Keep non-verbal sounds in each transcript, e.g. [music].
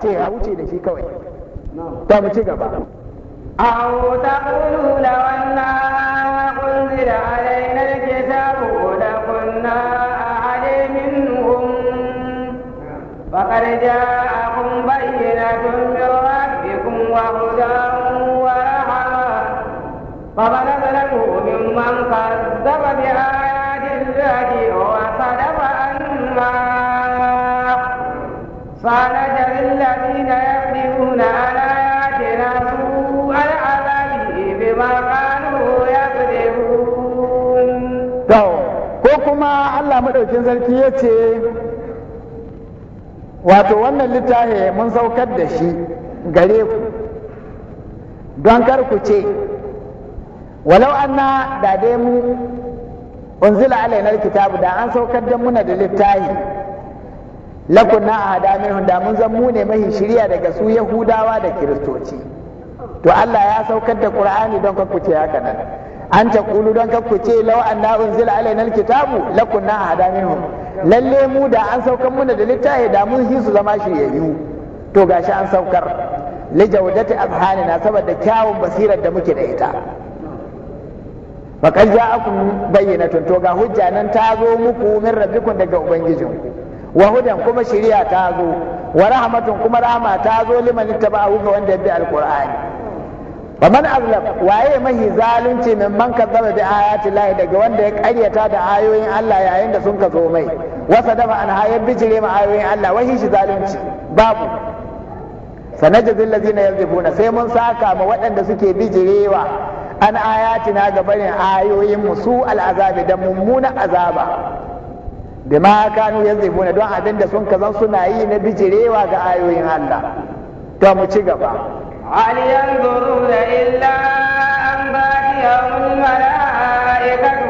ce ya wuce da shi kawai ta mace gaba a wuta kuna wannan kunzi da alainar keta ku kuda kuna a halimin hun bakar madaukin sarki ya ce wato wannan littafi mun saukar da shi gare ku don kar ku ce walau anna da dai mu unzila alainar kitabu da an saukar da muna da littafi lakunna a hada mai da mun zan mu mahi shirya daga su yahudawa da kiristoci to Allah ya saukar da ƙur'ani don ku ce haka nan an ta kulu don kakku ce lau an na unzila alaina alkitabu lakunna ahada minhum lalle mu da an saukar muna da littafi da mun hisu zama shiryayyu to gashi an saukar li jawdati na saboda kyawun basirar da muke da ita fakal ja'akum bayyinatun to ga hujja nan ta zo muku min rabbikum daga ubangijin wa hudan kuma shari'a ta zo wa rahmatun kuma rahma ta zo liman a ga wanda ya bi alqur'ani wa man azlam waye mahi zalunci min man kazzaba bi ayati llahi daga wanda ya karyata da ayoyin Allah yayin da sun ka zo mai wasa dafa an hayar bijire ma ayoyin Allah wahi shi zalunci babu sanajzi allazina yazifuna sai mun saka ma waɗanda suke bijirewa an na ga barin ayoyin mu su al'azabi da mummunan azaba bima kanu yazifuna don abin da sun kazan suna yi na bijirewa ga ayoyin Allah to mu ci gaba هل ينظرون إلا أن تأتيهم الملائكة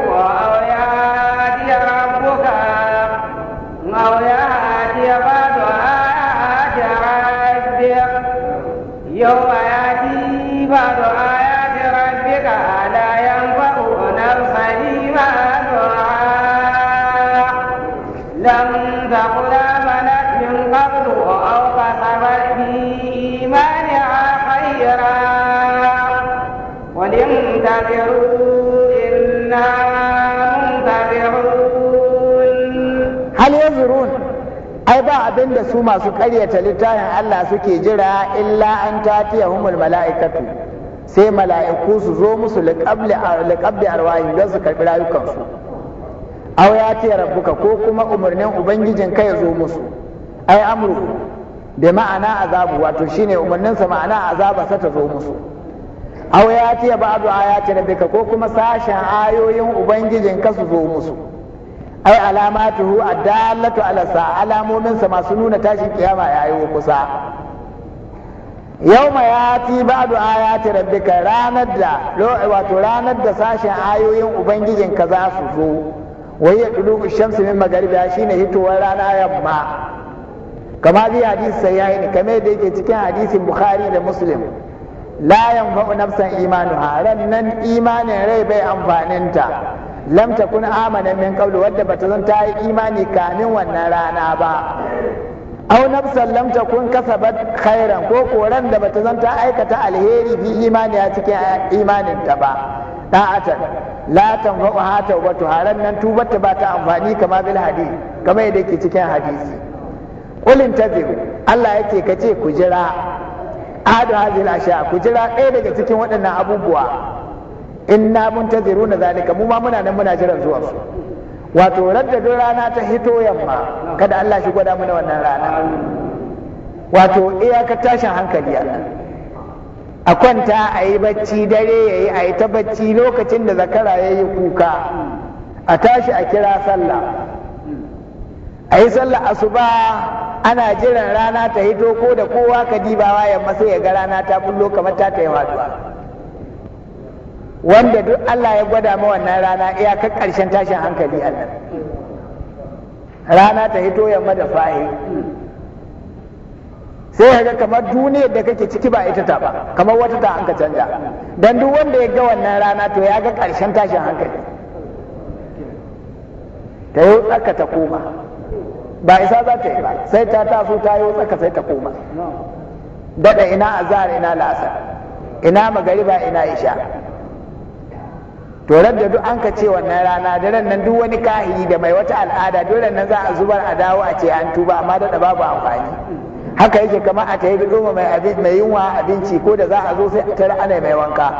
yanzurun ai ba abin da su masu ƙaryata littafin Allah suke jira illa an humul mala'ikatu sai mala'iku su zo musu liqabli liqabli don su karbi rayukansu aw ya ce rabbuka ko kuma umarnin ubangijin ka ya zo musu ai amru da ma'ana azabu wato shine umarninsa ma'ana azaba sa ta zo musu aw ya ce ba'du ayati rabbika ko kuma sashen ayoyin ubangijin ka su zo musu ai alamatuhu addallatu ala sa alamomin sa masu nuna tashin kiyama yi kusa Yau ba da ayati rabbika ranar da wato ranar da sashen ayoyin ubangijin ka za su zo wai ya dudu shamsi min magariba shine hitowar rana yamma kama bi hadisi ne kame da yake cikin hadisin bukhari da muslim la yanfa'u nafsan imanuha ran nan imanin rai bai amfaninta lam takun amana min qablu wadda bata zan ta yi imani kamin wannan rana ba aw nafsan lam takun kasabat khairan ko koran da bata zan ta aikata alheri bi imani a cikin imanin ta ba da'atan la tanfa'u ha tawbatu haran nan tubarta ba ta amfani kama bil hadith kamar yadda yake cikin hadisi qul tabiru Allah yake kace ku jira adu hadhihi al ku jira ɗaya daga cikin waɗannan abubuwa inna muntaziruna zalika mu ma muna nan muna jiran zuwa su wato raddadin rana ta hito yamma kada Allah shi gwada mana wannan rana wato iyakar tashin hankali a a kwanta a yi bacci dare ya yi a yi ta bacci lokacin da zakara ya yi kuka a tashi a kira sallah a yi sallah asuba ana jiran rana ta hito ko da kowa ka dibawa yamma sai ya ga rana ta bullo kamar ta taimaka. wanda duk Allah ya gwada ma wannan rana iyakar ƙarshen tashin hankali Allah rana ta hito yamma da fahi sai ga kamar duniyar da kake ciki ba ita ta ba kamar wata ta hanka canja dan duk wanda ya ga wannan rana to ya ga ƙarshen tashin hankali ta yi tsaka ta koma ba isa za ta yi ba sai ta taso ta yi tsaka sai ta koma daga ina azhar ina la'asar ina magariba ina isha to da duk an ka ce wannan rana daren nan duk wani kahiri da mai wata al'ada dole nan za a zubar a dawo a ce an tuba amma da babu amfani haka yake kamar a tayi duma mai abin mai yunwa abinci ko da za a zo sai a tara ana mai wanka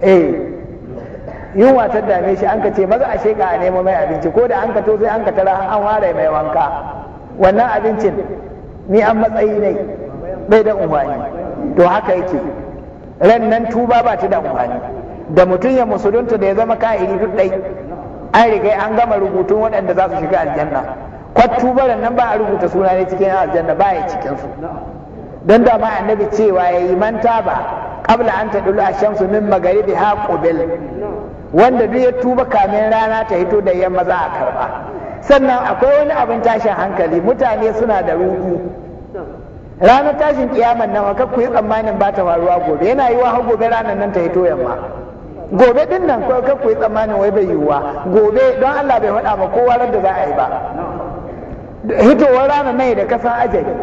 eh yunwa ta dame shi an ka ce maza a sheka a nemo mai abinci ko da an ka to sai an ka tara an ware mai wanka wannan abincin ni an matsayi ne bai da umarni. to haka yake ran nan tuba ba ta da umarni. da mutum ya musulunta da ya zama ka'iri duk ɗai an riga an gama rubutun waɗanda za su shiga aljanna kwattu baran nan ba a rubuta suna ne cikin aljanna ba ya cikin su don da ma annabi cewa ya yi manta ba kabla an ta dulu shamsu min magharibi ha qubil wanda duk ya tuba kamin rana ta hito da yamma za a karba sannan akwai wani abin tashin hankali mutane suna da ruhu. ranar tashin kiyaman nan ka ku yi tsammanin ba ta faruwa gobe yana yi wa gobe ranar nan ta hito yamma gobe din nan ko ku yi tsammanin wai bai yiwuwa gobe don Allah bai faɗa ba kowa ran da za a yi ba hitowar rana nai da kasan ajali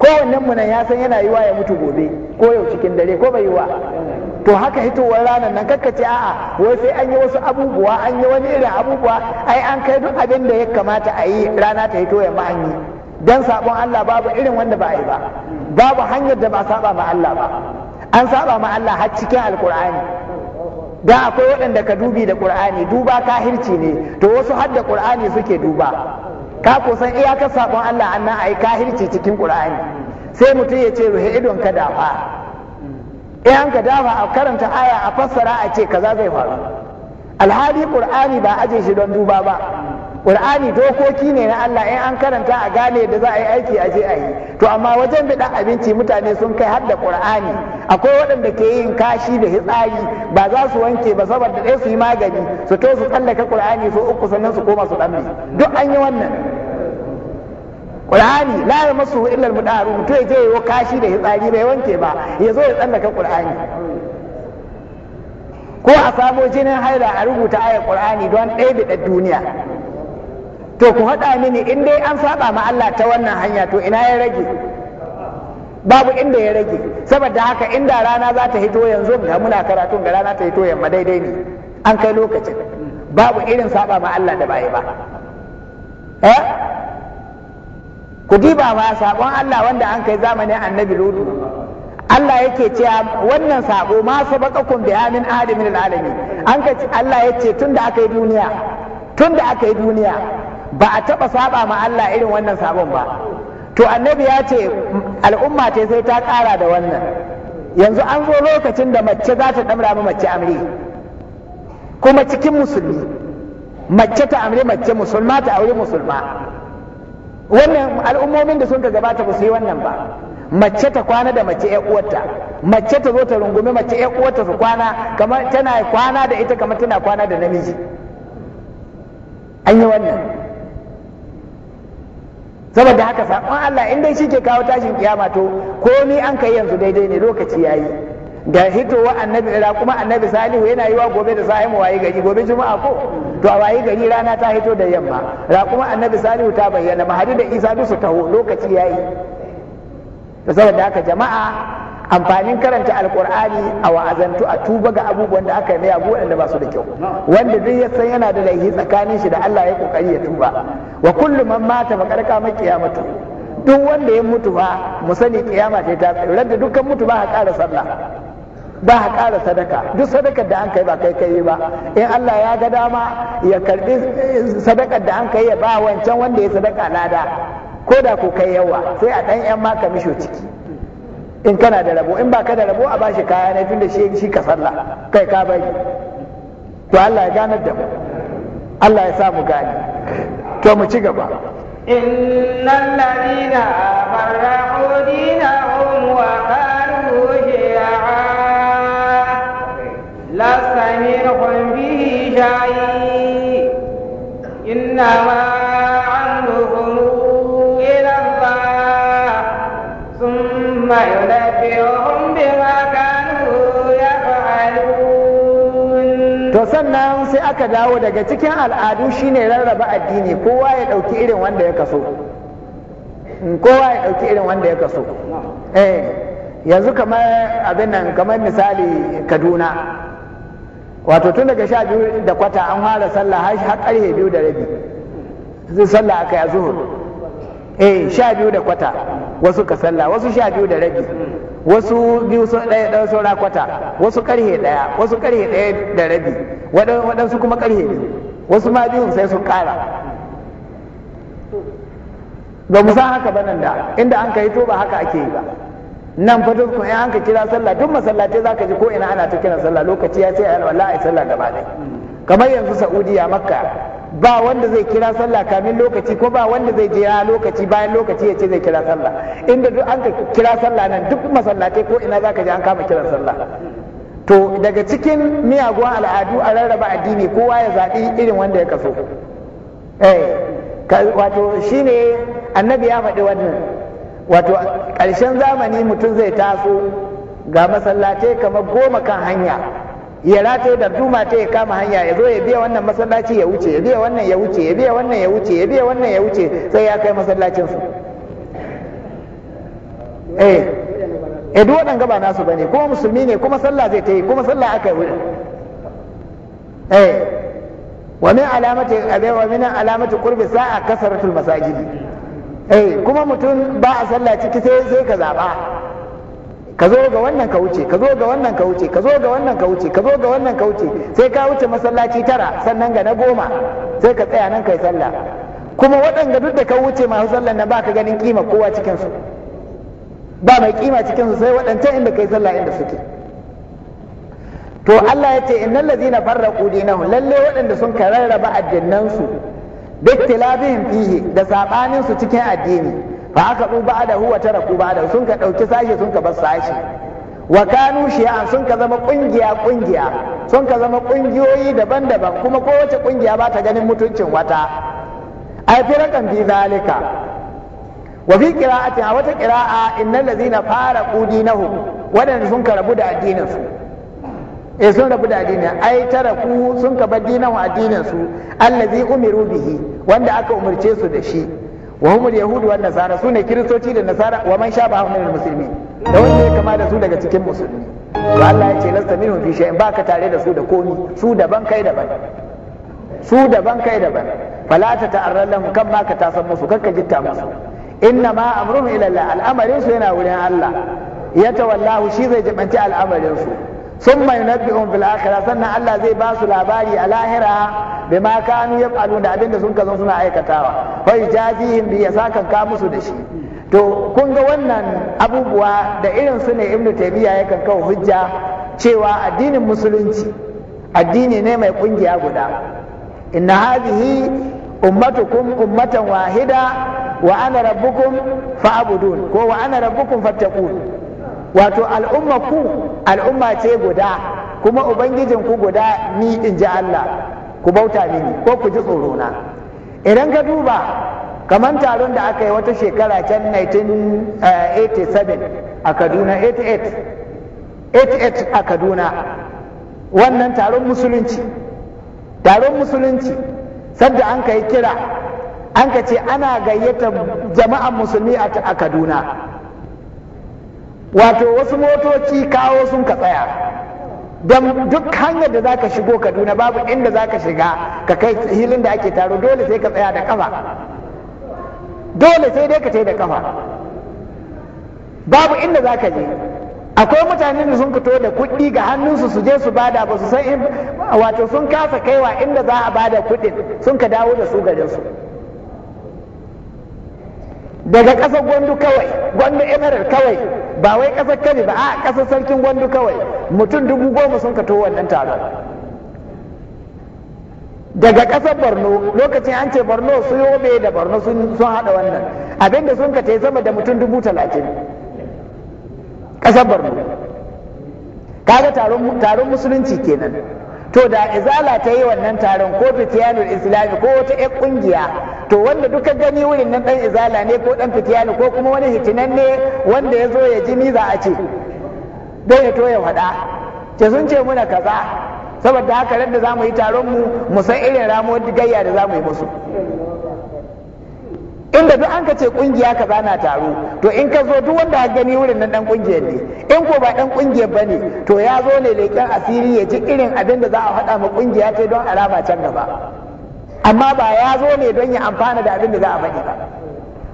kowannen mu nan ya san yana yiwa ya mutu gobe ko yau cikin dare ko bai yiwa to haka hitowar ranar nan ce a'a wai sai an yi wasu abubuwa an yi wani irin abubuwa ai an kai duk abin da ya kamata a yi rana ta hito yamma an yi dan sabon Allah babu irin wanda ba a yi ba babu hanyar da ba saba ma Allah ba an saba ma Allah har cikin alkur'ani da akwai waɗanda ka dubi da ƙur'ani duba kahirci ne to wasu har da ƙur'ani suke duba ka kusan iyakar saƙon Allah an nan a yi kahirci cikin ƙur'ani sai mutum ya ce ruhe idon ka dafa in ka dafa a karanta aya a fassara a ce kaza zai faru alhali ƙur'ani ba aje shi don duba ba Qur'ani dokoki ne na Allah in an karanta a gane da za a yi aiki a je a yi to amma wajen biɗan abinci mutane sun kai har da Qur'ani akwai waɗanda ke yin kashi da hitsari ba za su wanke ba saboda ɗaya su yi magani su to su tsallaka ƙur'ani so uku sannan su koma su duk an yi wannan Ƙur'ani la ya masu illar al-mudaru mutum ya je kashi da hitsari bai wanke ba ya zo ya tsallaka ƙur'ani. ko a samo jinin haila a rubuta ayar ƙur'ani don ɗaya da duniya to ku haɗa mini in dai an saba ma Allah ta wannan hanya to ina ya rage babu inda ya rage saboda haka inda rana za ta hito yanzu da muna karatun ga rana ta hito yamma daidai ne an kai lokacin babu irin saba ma Allah da baya ba eh ku diba ma sabon Allah wanda an kai zamanin annabi ludu Allah yake cewa wannan sabo ma sabaqakum bi amin ahadin adamin alamin an ka Allah yace tunda aka yi duniya tunda aka yi duniya ba a taba saba ma Allah irin wannan sabon ba to annabi ya ce al'umma ce sai ta kara da wannan yanzu an zo lokacin da mace za ta damra ma mace amri kuma cikin musulmi mace ta amri mace musulma ta aure musulma wannan al'ummomin da sun ka gabata ba su yi wannan ba mace ta kwana da mace ƴan uwarta mace ta zo ta rungumi mace ƴan uwarta su kwana kamar tana kwana da ita kamar tana kwana da namiji an yi wannan saboda haka saƙon Allah in dai shi ke kawo tashin kiyama to komai an kai yanzu daidai ne lokaci yayi ga hitowa annabi ira kuma annabi salihu yana yiwa gobe da sahi mu gari gobe juma'a ko to a waye gari rana ta hito da yamma ra kuma annabi salihu ta bayyana mahadi da isa su taho lokaci yayi saboda haka jama'a amfanin karanta alkur'ani a wa'azantu a tuba ga abubuwan da aka yi mai abu waɗanda ba su da kyau wanda duk ya san yana da laifi tsakanin shi da Allah ya kokari ya tuba wa kullu man mata makarka ma kiyamatu duk wanda ya mutu ba mu sani kiyama ta ta tsira da dukkan mutu ba ha ƙara sallah ba ha ƙara sadaka duk sadakar da an kai ba kai kai ba in Allah ya ga dama ya karbi sadakar da an kai ya ba wancan wanda ya sadaka lada ko da ko kai yawa sai a dan yan maka misho ciki in kana da rabo in ba ka da rabo a bashi kaya ne tunda shi shi ka sallah kai ka bai to Allah ya ganar da mu Allah ya sa mu gani to mu ci gaba innal ladina farraqu dinahum wa qalu shi'a lasta minhum bihi shay'in innama to sannan sai aka dawo daga cikin al'adu shine rarraba addini kowa ya ɗauki irin wanda ya kaso mm, kowa ya dauki irin wanda ya kaso eh yanzu kamar abin nan kamar misali kaduna wato tun daga sha biyu da kwata an fara sallah har karfe biyu da rabi zai sallah aka yi zuhur eh sha biyu da kwata wasu ka sallah wasu sha biyu da rabi wasu biyu sun ɗaya ɗan saura kwata wasu karhe ɗaya wasu ƙarhe ɗaya da rabi waɗansu kuma karhe biyu wasu ma biyun sai sun ƙara ba mu san haka ba nan da inda an ka yi to ba haka ake yi ba nan fa duk in an ka kira sallah duk masallatai zaka ji ko ina ana ta kiran sallah lokaci ya ce ayi wallahi sallah gaba ɗaya kamar yanzu Saudiya Makka ba wanda zai kira sallah kamin lokaci ko ba wanda zai jira lokaci bayan lokaci ya ce zai kira sallah inda duk an ka kira sallah nan duk masallatai ko ina zaka je an kama kiran sallah to daga cikin miyagun al'adu a rarraba addini kowa ya zaɓi irin wanda ya kaso eh wato shine annabi ya faɗi wannan wato ƙarshen zamani mutum zai taso ga masallatai kamar goma kan hanya ya rataye da duma ta ya kama hanya ya zo ya biya wannan masallaci ya wuce ya biya wannan ya wuce ya biya wannan ya wuce ya biya wannan ya wuce sai ya kai masallacin su eh eh duk wannan ba nasu bane kuma musulmi ne kuma sallah zai ta yi kuma sallah aka yi eh wa min alamati abai eh, wa min alamati qurbi sa'a kasaratul masajidi eh kuma mutum ba a sallah ciki sai sai ka zaba ka zo ga wannan ka wuce ka zo ga wannan ka wuce ka zo ga wannan ka wuce ka zo ga wannan ka wuce sai ka wuce masallaci tara sannan ga na goma sai ka tsaya nan kai sallah kuma waɗanda duk da ka wuce masu sallan nan baka ganin kima kowa cikin su ba mai kima cikin su sai waɗancan inda kai sallah inda suke to Allah ya ce innal ladina farraqu dinahum lalle waɗanda sun kararraba addinan su daktilabihim fihi da sabanin su cikin addini fa aka ba da huwa ba da sun ka dauki sashi sun ka bar sashi wa kanu shi'an sun ka zama kungiya kungiya sun ka zama kungiyoyi daban-daban kuma kowace kungiya ba ta ganin mutuncin wata ai firakan bi zalika wa fi qira'ati a wata qira'a innal fara faraqu dinahu wadanda sun ka rabu da addinin su eh sun rabu da addinin ai tara ku sun ka bar dinahum addinin su allazi umiru bihi wanda aka umurce su da shi wa humul yahudu wan nasara sune kiristoci da nasara wa man shaba hum da wanda ya kama da su daga cikin musulmi to Allah ya ce lasta minhum fi shay'in baka tare da su da komi su daban kai daban su daban kai daban fala ta ta'arran lahum kan ma ka tasan musu kakka jitta musu inna ma amruhum ila Allah al'amarin su yana wurin Allah ya tawallahu shi zai jibanci al'amarin su sun mai nabi'un fil akhirah sannan Allah zai ba su labari a lahira bai ma kanu yaf'alu da abin da sun kazo suna aikatawa fa yajazihim bi kan ka musu da shi to kun ga wannan abubuwa da irin su ne ibnu taymiya yakan kawo hujja cewa addinin musulunci addini ne mai kungiya guda inna hadhihi ummatukum ummatan wahida wa ana rabbukum fa'budun ko wa ana rabbukum fattaqun wato al'umma ku al'umma ce guda kuma ubangijin ku guda ni in ji Allah ku bauta mini ko ku ji tsorona. idan ka duba kamar taron da aka yi wata shekara can 1987 eh, a Kaduna 88 88 a Kaduna wannan taron musulunci taron musulunci sadda an ka yi kira an ka ce ana gayyatar jama'an musulmi a Kaduna wato wasu motoci kawo sun ka tsaya don duk hanyar da zaka shigo kaduna babu inda zaka shiga ka kai hilin da ake taro dole sai ka tsaya da kafa dole sai dai ka da kafa babu inda zaka je akwai mutane da sun fito da kuɗi ga hannunsu su je su bada ba su san wato sun kasa kaiwa inda za a bada kuɗin sun ka dawo da su garinsu su daga ƙasar gwandu kawai gwandu emirar kawai ba wai ƙasar kani ba a ƙasar sarkin gwandu kawai mutum dubu goma sun ka wannan taron daga ƙasar borno lokacin an ce borno su yobe da borno sun haɗa wannan abinda sun ka sama da mutum dubu talatin ƙasar borno kaga taron musulunci kenan to da izala ta yi wannan taron ko fitiyanul islami ko wata 'yan ƙungiya to wanda duka gani wurin nan dan izala ne ko dan fitiyani ko kuma wani hitinan ne wanda ya zo ya ji ni za a ce dai ya to ya faɗa ce sun ce muna kaza saboda haka ran da zamu yi taron mu mu san irin ramuwar gayya da zamu yi musu inda duk an ka ce kungiya kaza na taro to in ka zo duk wanda ka gani wurin nan dan kungiyar ne in ko ba dan kungiyar bane to ya zo ne leken asiri ya ji irin abin da za a faɗa ma kungiya ta don araba can gaba amma ba ya zo ne don ya amfana da abin da za a faɗi ba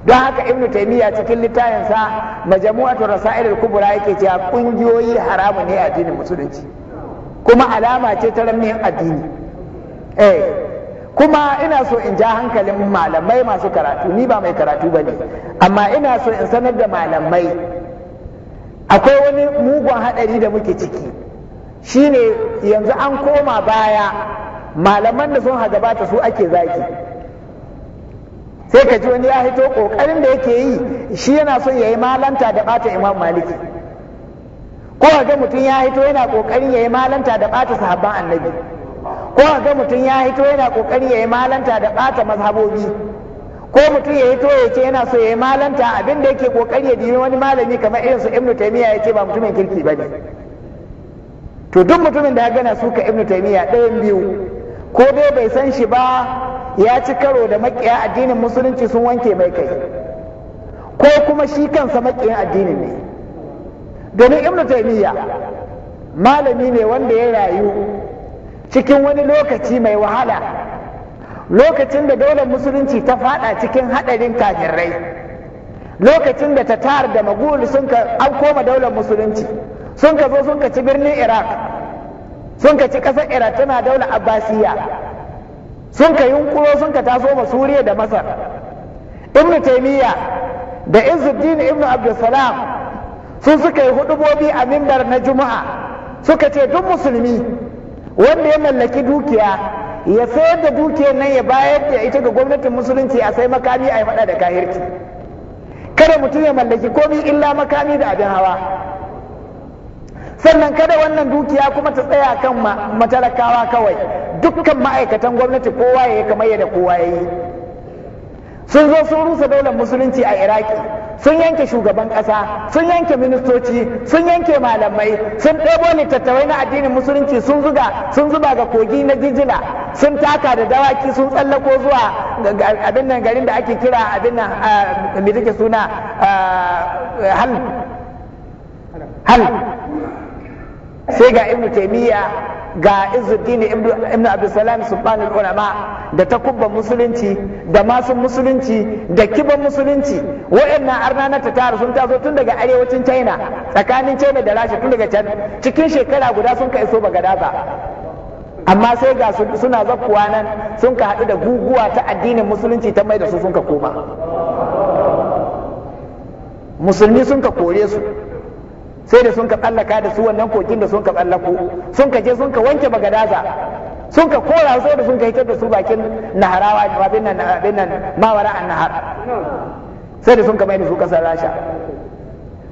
don haka ibnu taimiyya cikin littafinsa majmu'atu rasail al-kubra yake cewa kungiyoyi haramu ne a addinin musulunci kuma alama ce ta ramin addini eh kuma ina so in ja hankalin malamai masu karatu ni ba mai karatu ba ne, amma ina so in sanar da malamai akwai wani mugun hadari da muke ciki shine yanzu an koma baya malaman da sun hagabata su ake zaki sai ka ji wani ya hito kokarin da yake yi shi yana son ya yi malanta da bata imam maliki ko ga mutum ya hito yana kokarin ya yi malanta da bata sahabban annabi ko a ga mutum ya hito yana kokarin ya yi malanta da bata mazhabobi ko mutum ya hito ya ce yana so ya yi malanta abin da yake kokari ya dimi wani malami kamar irin su ibnu taymiya ya ce ba mutumin kirki ne to duk mutumin da ya gana suka ibnu taymiya ɗayan biyu ko dai bai san shi ba ya ci karo da makiya addinin musulunci sun wanke mai kai ko kuma shi kansa makiyin addinin ne domin ibn taymiya malami ne wanda ya rayu cikin wani lokaci mai wahala lokacin da daular musulunci ta fada cikin hadarin kafirai lokacin da ta tatar da magul sun ka an koma daular musulunci sun ka zo sun ka ci birnin iraq sun ka ci ƙasar ira tana daular Abbasiyya sun ka yunkuro sun ka taso ma Suriya da Masar Ibn Taymiyyah da Izzuddin Ibn Abdulsalam sun suka yi hudubobi a mimbar na Juma'a suka ce duk musulmi wanda ya mallaki dukiya ya sayar da dukiyar nan ya bayar da ita ga gwamnatin musulunci a sai makami a yi faɗa da kahirci kada mutum ya mallaki komi illa makami da abin hawa sannan kada wannan dukiya kuma ta tsaya kan matalakawa kawai dukkan ma'aikatan gwamnati kowa ya yi kamar yadda kowa ya yi sun zo sun rusa daular musulunci a iraki sun yanke shugaban ƙasa sun yanke ministoci sun yanke malamai sun ɗebo littattafai na addinin musulunci sun zuga sun zuba ga kogi na jijila sun taka da dawaki sun tsallako zuwa abin nan garin da ake kira abin nan ah, me take suna hal ah, hal sai ga ibnu taymiya ga izuddin ibnu abdussalam subhanul ulama da takubban musulunci da masu musulunci da kiban musulunci waɗannan arna na tatar sun tazo tun daga arewacin china tsakanin china da rasha tun daga can cikin shekara guda sun ka iso ba amma sai ga suna zakkuwa nan sun ka haɗu da guguwa ta addinin musulunci ta mai da su sun ka koma musulmi sun ka kore su sai da sun ka tsallaka da su wannan kokin da sun ka tsallako sun ka je sun ka wanke bagadaza sun ka kora su da sun ka hitar da su bakin naharawa abin nan abin nan mawara an nahar sai da sun ka mai da su kasar rasha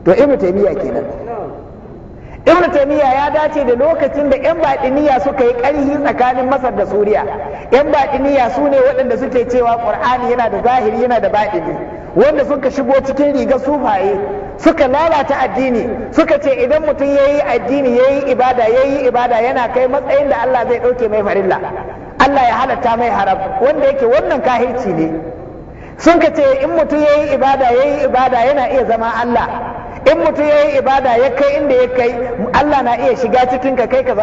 to ibnu taymiya kenan ibn taymiya ya dace da lokacin da yan baɗiniya suka yi ƙarhi tsakanin masar da suriya yan baɗiniya su ne waɗanda suke cewa qur'ani yana da zahiri yana da baɗini wanda suka shigo cikin riga sufaye suka lalata addini suka ce idan mutum ya yi addini ya yi ibada ya yi ibada yana kai matsayin da allah zai ɗauke mai farilla allah ya halatta mai haram wanda yake wannan kahirci ne sun ka ce in mutum ya yi ibada ya yi ibada yana iya zama allah in mutum ya yi ibada ya kai inda ya kai Allah na iya shiga cikin ka kai ka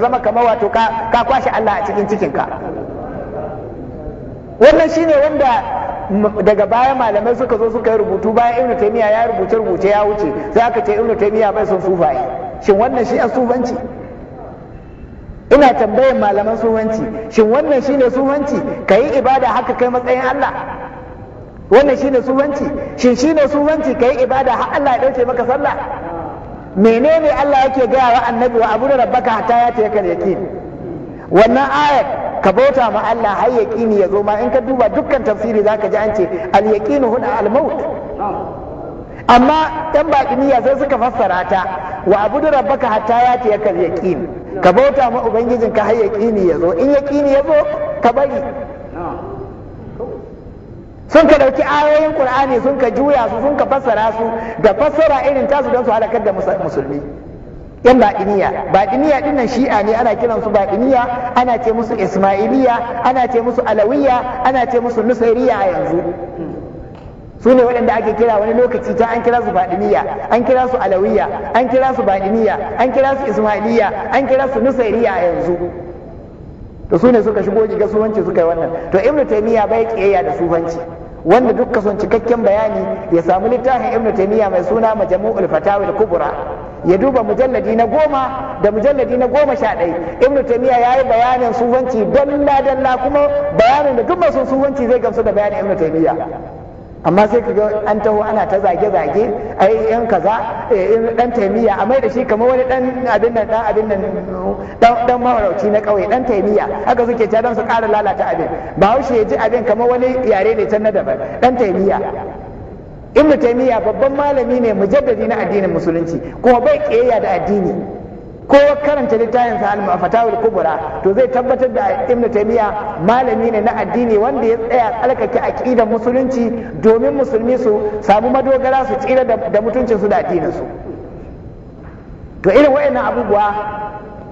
zama kama wato ka kwashe Allah a cikin cikinka wannan shine wanda daga baya malamai suka zo suka yi rubutu bayan ibnu taymiya ya rubuce rubuce ya wuce sai aka ce ibnu taymiya bai son sufaye shin wannan shi a sufanci ina tambayar malaman sufanci shin wannan shine sufanci yi ibada haka kai matsayin Allah wannan shine sufanci shin shine ka kai ibada har Allah ya dauke maka sallah menene Allah yake gaya wa annabi wa abu rabbaka hatta ya ta yakan yaqin wannan ayat ka bauta ma Allah har yaqini ya zo ma in ka duba dukkan tafsiri zaka ji an ce al yaqinu huna al maut amma ɗan baƙiniya sai suka fassara ta wa abu da rabbaka hatta ya ta yakan yaƙini ka bauta ma ubangijin ka har yaƙini ya zo in yaƙini ya zo ka bari sun ka ɗauki ayoyin qur'ani sun ka juya su sun ka fassara su da fassara irin tasu don su halakar da musulmi yan baɗiniya baɗiniya ɗin nan shi'a ne ana kiran su baɗiniya ana ce musu ismailiya ana ce musu alawiya ana ce musu nusairiya a yanzu su ne waɗanda ake kira wani lokaci ta an kira su baɗiniya an kira su alawiya an kira su baɗiniya an kira su ismailiya an kira su nusairiya a yanzu to su ne suka shigo jiga suka yi wannan to ibnu taymiya bai kiyayya da sufanci wanda duk son cikakken bayani ya samu littafin ibn taymiya mai suna majmu'ul fatawi kubra ya duba mujalladi na goma da mujalladi na goma sha ɗaya ibn taymiya ya yi bayanin sufanci dalla dalla kuma bayanin da duk masu sufanci zai gamsu da bayanin ibn taymiya amma sai ka ga an taho ana ta zage-zage yi yan kaza eh, in dan taimiyya a mai da shi kamar wani dan abin nan dan abin nan dan mawarauci na kauye dan taimiyya haka suke ta don su ƙara lalata abin ba haushe ya ji abin kamar wani yare ne can na daban dan in mu taimiyya babban malami ne mujaddadi na addinin musulunci kuma bai kiyayya da addini ko karanta littafin sa al fatawul kubra to zai tabbatar da ibnu taymiya malami ne na addini wanda ya tsaya tsalkake aqidar musulunci domin musulmi su samu madogara su tsira da mutuncin su da addinin su to irin wayannan abubuwa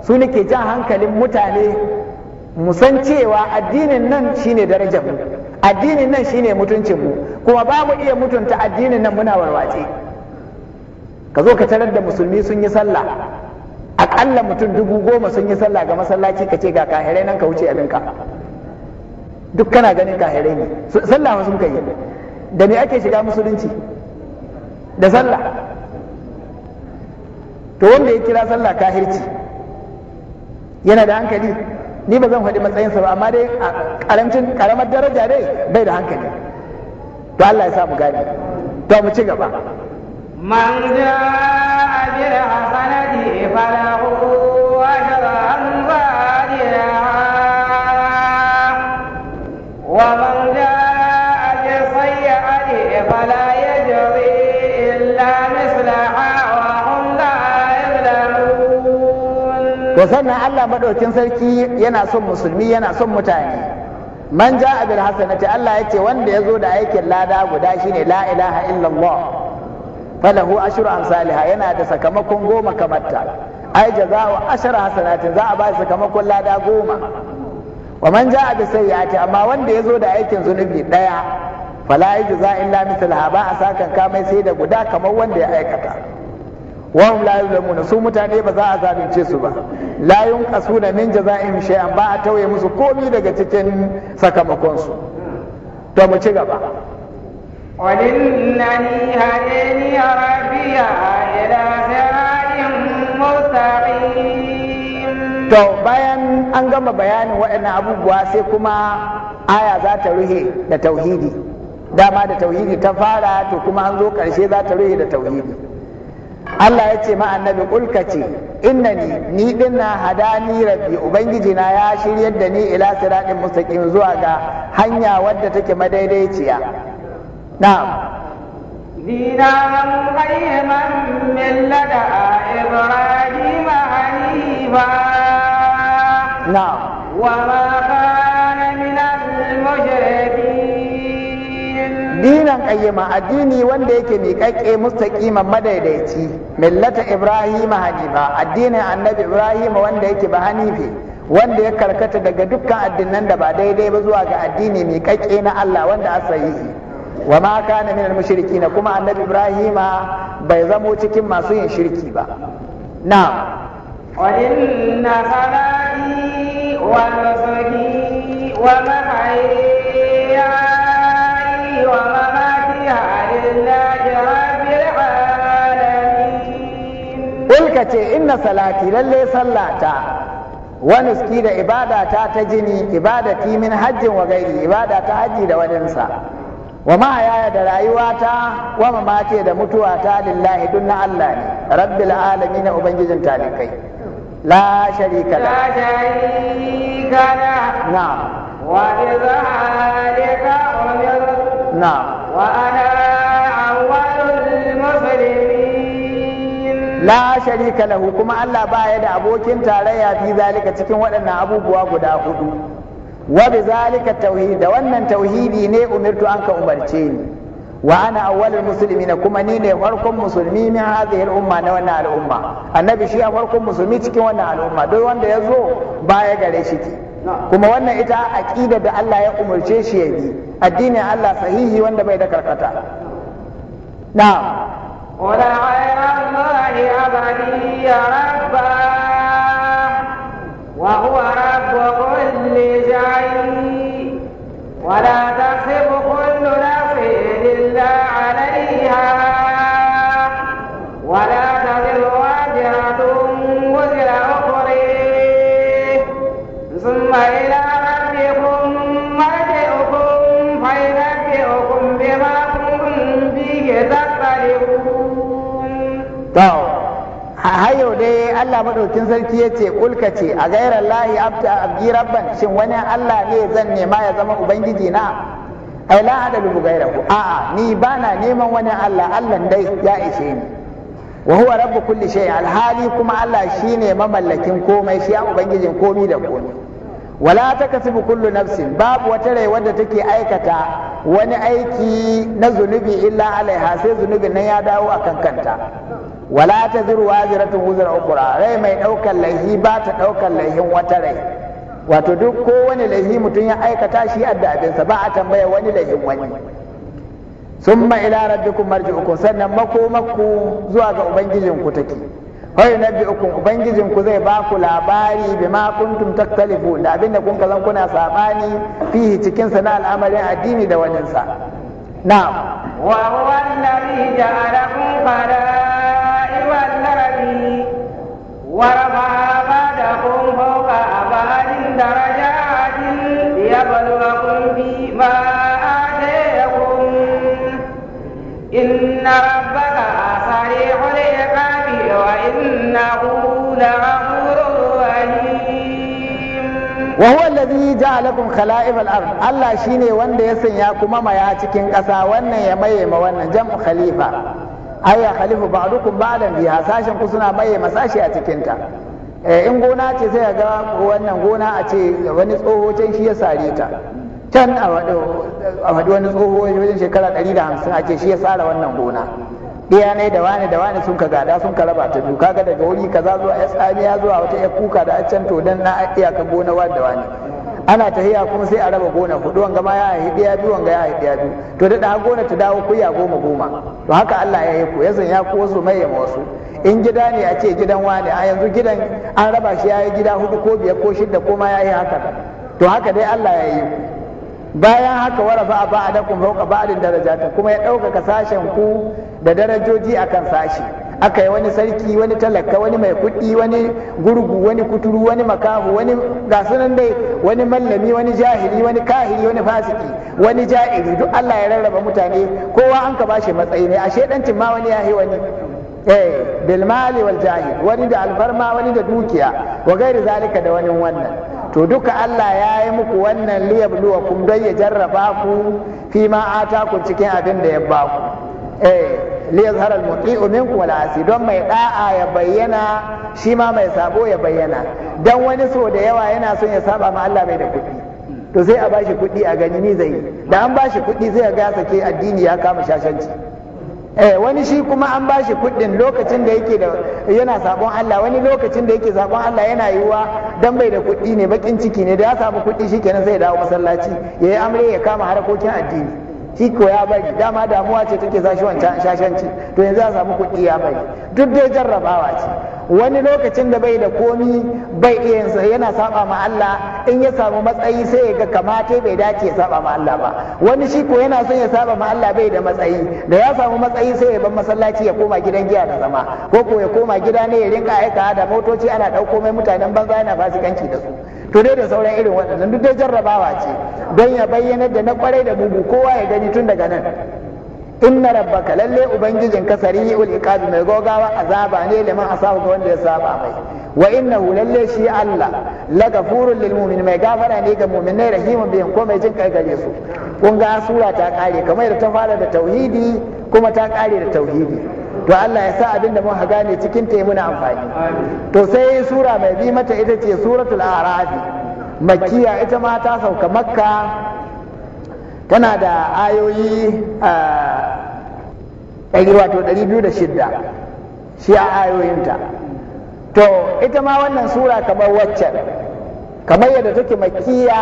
su ne jan hankalin mutane mu san cewa addinin nan shine darajar mu addinin nan shine mutuncin mu kuma ba mu iya mutunta addinin nan muna warwace ka zo ka tarar da musulmi sun yi sallah akalla mutum dubu goma sun yi sallah ga masallaci ka ce ga kahirai nan ka wuce abinka duk kana ganin kahirai ne sallah wasu muka yi da me ake shiga musulunci da sallah to wanda ya kira sallah kahirci yana da hankali ni ba zan faɗi matsayinsa ba amma dai karamcin karamar daraja dai bai da hankali to Allah ya sa mu gane to mu ci gaba man ja'a bil hasanati فله أجر أمثالها ومن جاء بالسيئة فلا يجري إلا مثلها وهم لا يظلمون وسنة الله مدوكين سلكي ينا مسلمي man ja bil hasanati Allah yace wanda yazo da aikin lada guda shine la ilaha illallah falahu ashru amsalha yana da sakamakon goma kamarta ai wa ashara hasanatin za a ba shi sakamakon lada goma wa man ja'a bi sayyati amma wanda ya zo da aikin zunubi daya fala yujza illa mithlaha ba a sakan kamai sai da guda kamar wanda ya aikata wa hum la yuzlamuna su mutane ba za a zalunce su ba la yunqasuna min jaza'ihim shay'an ba a tauye musu komi daga cikin sakamakon su to mu ci gaba ولنني هديني ربي إلى صراط to bayan an gama bayanin waɗannan abubuwa sai kuma aya za ta ruhe da tauhidi dama da tauhidi ta fara to kuma an zo ƙarshe za ta ruhe da tauhidi Allah ya ce ma annabi ce inna ni ni, dinna hadani rabbi ubangiji na ya shiryar da ni ila siraɗin mustaqim zuwa ga hanya wadda take madaidaiciya na'am dinan kayyama addini wanda yake miƙaƙƙe mustaqiman madaidaici millata ibrahima hanifa addinin annabi ibrahima wanda yake ba hanifi wanda ya karkata daga dukkan addinan da ba daidai ba zuwa ga addini miƙaƙƙe na Allah wanda asayi wa ma kana minal mushrikina kuma annabi ibrahima bai zamo cikin masu yin shirki ba na'am wa inna ونسكي ومحيي ومماتي لله رب العالمين قل wani ski da ibadata ta jini ibadati min hajjin wa gairi ibada ta hajji da waninsa wa mahayaya da rayuwata wa mamace da ta, lillahi dun na Allah ne rabbil alamin ubangijin talikai لا شريك له لا شريك له نعم وبذلك أمر نعم وأنا أول المسلمين لا شريك له كما ألا بايد أبوكين تاريا في ذلك تكن وأن أبو بواقود أخذ وبذلك التوحيد وأن التوحيد ني أمرت أنك أمرتيني wa ana awwalul muslimina kuma ni ne farkon musulmi min hadhihi umma na wannan al'umma annabi shi ya farkon musulmi cikin wannan al'umma duk wanda ya zo baya gare shi kuma wannan ita aqida da Allah ya umarce shi ya bi addinin Allah sahihi wanda bai da karkata na'am ولا غير الله أبدي ربا وهو رب كل شيء ولا har yau dai Allah madaukin sarki ya ce kulka ce a gairar lahi abta abdi rabban shin wani Allah ne zan nema ya zama ubangiji na ai la hada bu gairahu a'a ni bana neman wani Allah Allah dai ya ishe ni wa huwa rabbu kulli shay alhali kuma Allah shine mamallakin komai shi ya ubangijin komai da komai wala takasibu kullu nafsin babu wata rai wadda take aikata wani aiki na zunubi illa alaiha sai zunubin nan ya dawo a kankanta. wala ta ziru waziratun wuzar ukura rai mai ɗaukar laihi ba ta ɗaukar laihin wata rai wato duk wani laihi mutum ya aikata shi da abinsa ba a tambaya wani laihin wani summa ila rabbikum uku sannan makomakku zuwa ga ubangijinku take hoyi nabbi'ukum ubangijinku zai ba ku labari ma kuntum taktalifu da abinda kun kazan kuna sabani fihi cikin sa na al'amarin addini da waninsa na. wa huwa allazi ja'alakum qala ورفع بعدكم فوق بعد درجات ليبلغكم فيما آتيكم إن ربك صريح العقاب وإنه لغفور رحيم وهو الذي جعلكم خلائف الأرض الله شيني وند يسن يا كما ما يا cikin ƙasa wannan ya maye ma wannan jam'u khalifa ai ya khalifu ba'dukum ba'dan biha sashen ku suna baye masashi a cikin ta eh, in gona ce sai ga wannan gona a ce wani tsoho can shi ya sare ta can a faɗi wani tsoho wajen shekara 150 a ce shi ya sare wannan gona Iyanai ne da wani da wani sun ka gada sun ka raba ta biyu kaga daga wuri kaza zuwa ya tsamiya zuwa wata ya kuka da a can to dan na iyaka gona wani da wani ana tahiya kuma sai a raba gona hudu wanga ma ya haifi ɗaya biyu wanga ya haifi ɗaya biyu to da ɗan gona ta dawo kuya goma goma to haka Allah ya yi ku ya sanya ku wasu mai yamma wasu in gida ne a ce gidan wani a yanzu gidan an raba shi ya yi gida hudu ko biyar ko shidda ko ma ya yi haka to haka dai Allah ya yi ku bayan haka wara a ba'adakum fawqa ba'din darajatin kuma ya ɗaukaka sashen ku da darajoji akan sashi aka yi wani sarki wani talaka wani mai kuɗi wani gurgu wani kuturu wani makahu wani gasunan dai wani mallami wani jahili wani kahiri wani fasiki wani ja'iri duk Allah ya rarraba mutane kowa an ka bashi matsayi ne ashe shedancin ma wani yahi wani eh bil mali wal jahil wani da alfarma wani da dukiya wa gairi zalika da wani wannan to duka Allah ya yi muku wannan liyabluwakum don ya jarraba ku fi ma ataku cikin abin da ya baku eh liyazhar al-muti'u minku wal asi don mai da'a ya bayyana shi ma mai sabo ya bayyana dan wani so da yawa yana son ya saba ma Allah bai da kuɗi to sai a bashi kuɗi a gani ni zai da an bashi kuɗi sai ga sake addini ya kama shashanci eh wani shi kuma an bashi kuɗin lokacin da yake da yana sabon Allah wani lokacin da yake sabon Allah yana yiwa dan bai da kuɗi ne bakin ciki ne da ya samu kuɗi shikenan sai ya dawo masallaci yayi amre ya kama harkokin addini shiko ya bari dama damuwa ce take sa shi wancan shashanci to yanzu ya samu kuɗi ya bai duk dai jarrabawa ce wani lokacin da bai da komi bai iya yana saba ma Allah in ya samu matsayi sai ya ga kamata bai dace ya saba ma Allah ba wani shi ko yana son ya saba ma Allah bai da matsayi da ya samu matsayi sai ya bar masallaci ya koma gidan giya da zama ko ko ya koma gida ne ya rinka aika da motoci ana dauko mai mutanen banza yana fasikanci da su to dai da sauran irin waɗannan duk dai jarrabawa ce don ya bayyanar da na kwarai da bugu kowa ya gani tun daga nan inna rabbaka lalle ubangijin ka ul iqab mai gogawa azaba ne liman asabu ga wanda ya saba mai wa innahu lalle shi Allah la gafurul lil mu'min mai gafara ne ga mu'minai rahimun bihim ko mai jin kai gare su kun ga sura ta kare kamar da ta fara da tauhidi kuma ta kare da tauhidi to Allah ya sa abin da muka gane cikin ta yi muna amfani to sai sura mai bi mata ita ce suratul a'raf makiya ita ma ta sauka makka tana da ayoyi a wato 206 shi a ayoyinta to ita ma wannan sura kamar waccan kamar yadda take makiya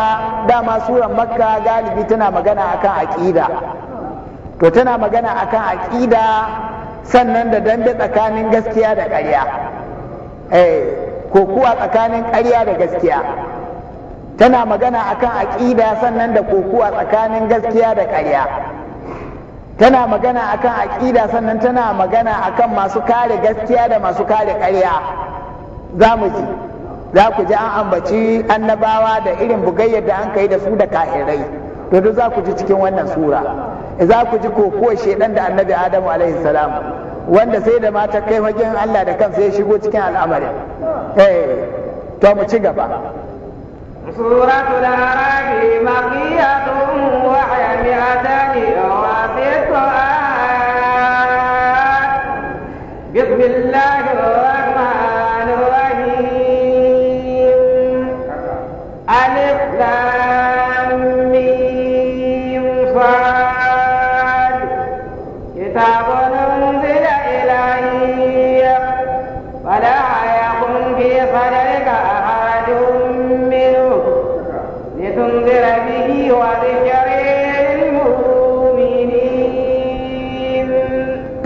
dama suran makka galibi tana magana akan aƙida to tana magana akan aƙida sannan da dambe tsakanin gaskiya da ƙarya eh, ko kuwa tsakanin ƙarya da gaskiya tana magana akan aƙida sannan da kokuwa tsakanin gaskiya da ƙarya tana magana akan aƙida sannan tana magana akan masu kare gaskiya da masu kare ƙarya za mu ji za ku ji an ambaci annabawa da irin bugayyar da an kai da su da kahirai to duk za ku ji cikin wannan sura za ku ji kokuwar shedan da annabi adamu alaihi salam wanda sai da mata kai magin allah da kansa ya shigo cikin al'amarin eh, to mu ci gaba سورة الأعراف مقية وهي مئتان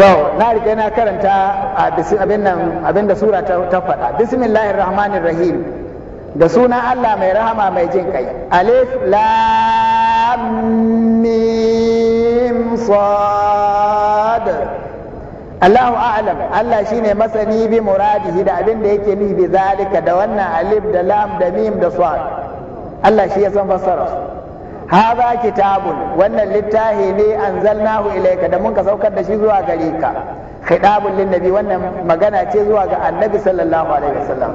to na riga na karanta abin da sura ta faɗa bismillahir rahmanir rahim da suna Allah mai rahama mai jin kai alif lam sad Allahu a'lam Allah shi ne masani bi muradihi da abin da yake nufi zalika da wannan alif da lam da mim da sad Allah shi ya san fassara haza kitabun wannan littafi ne an anzalnahu ilayka da mun ka saukar da shi zuwa gare ka khitabun lin nabi wannan magana ce zuwa ga annabi sallallahu alaihi wasallam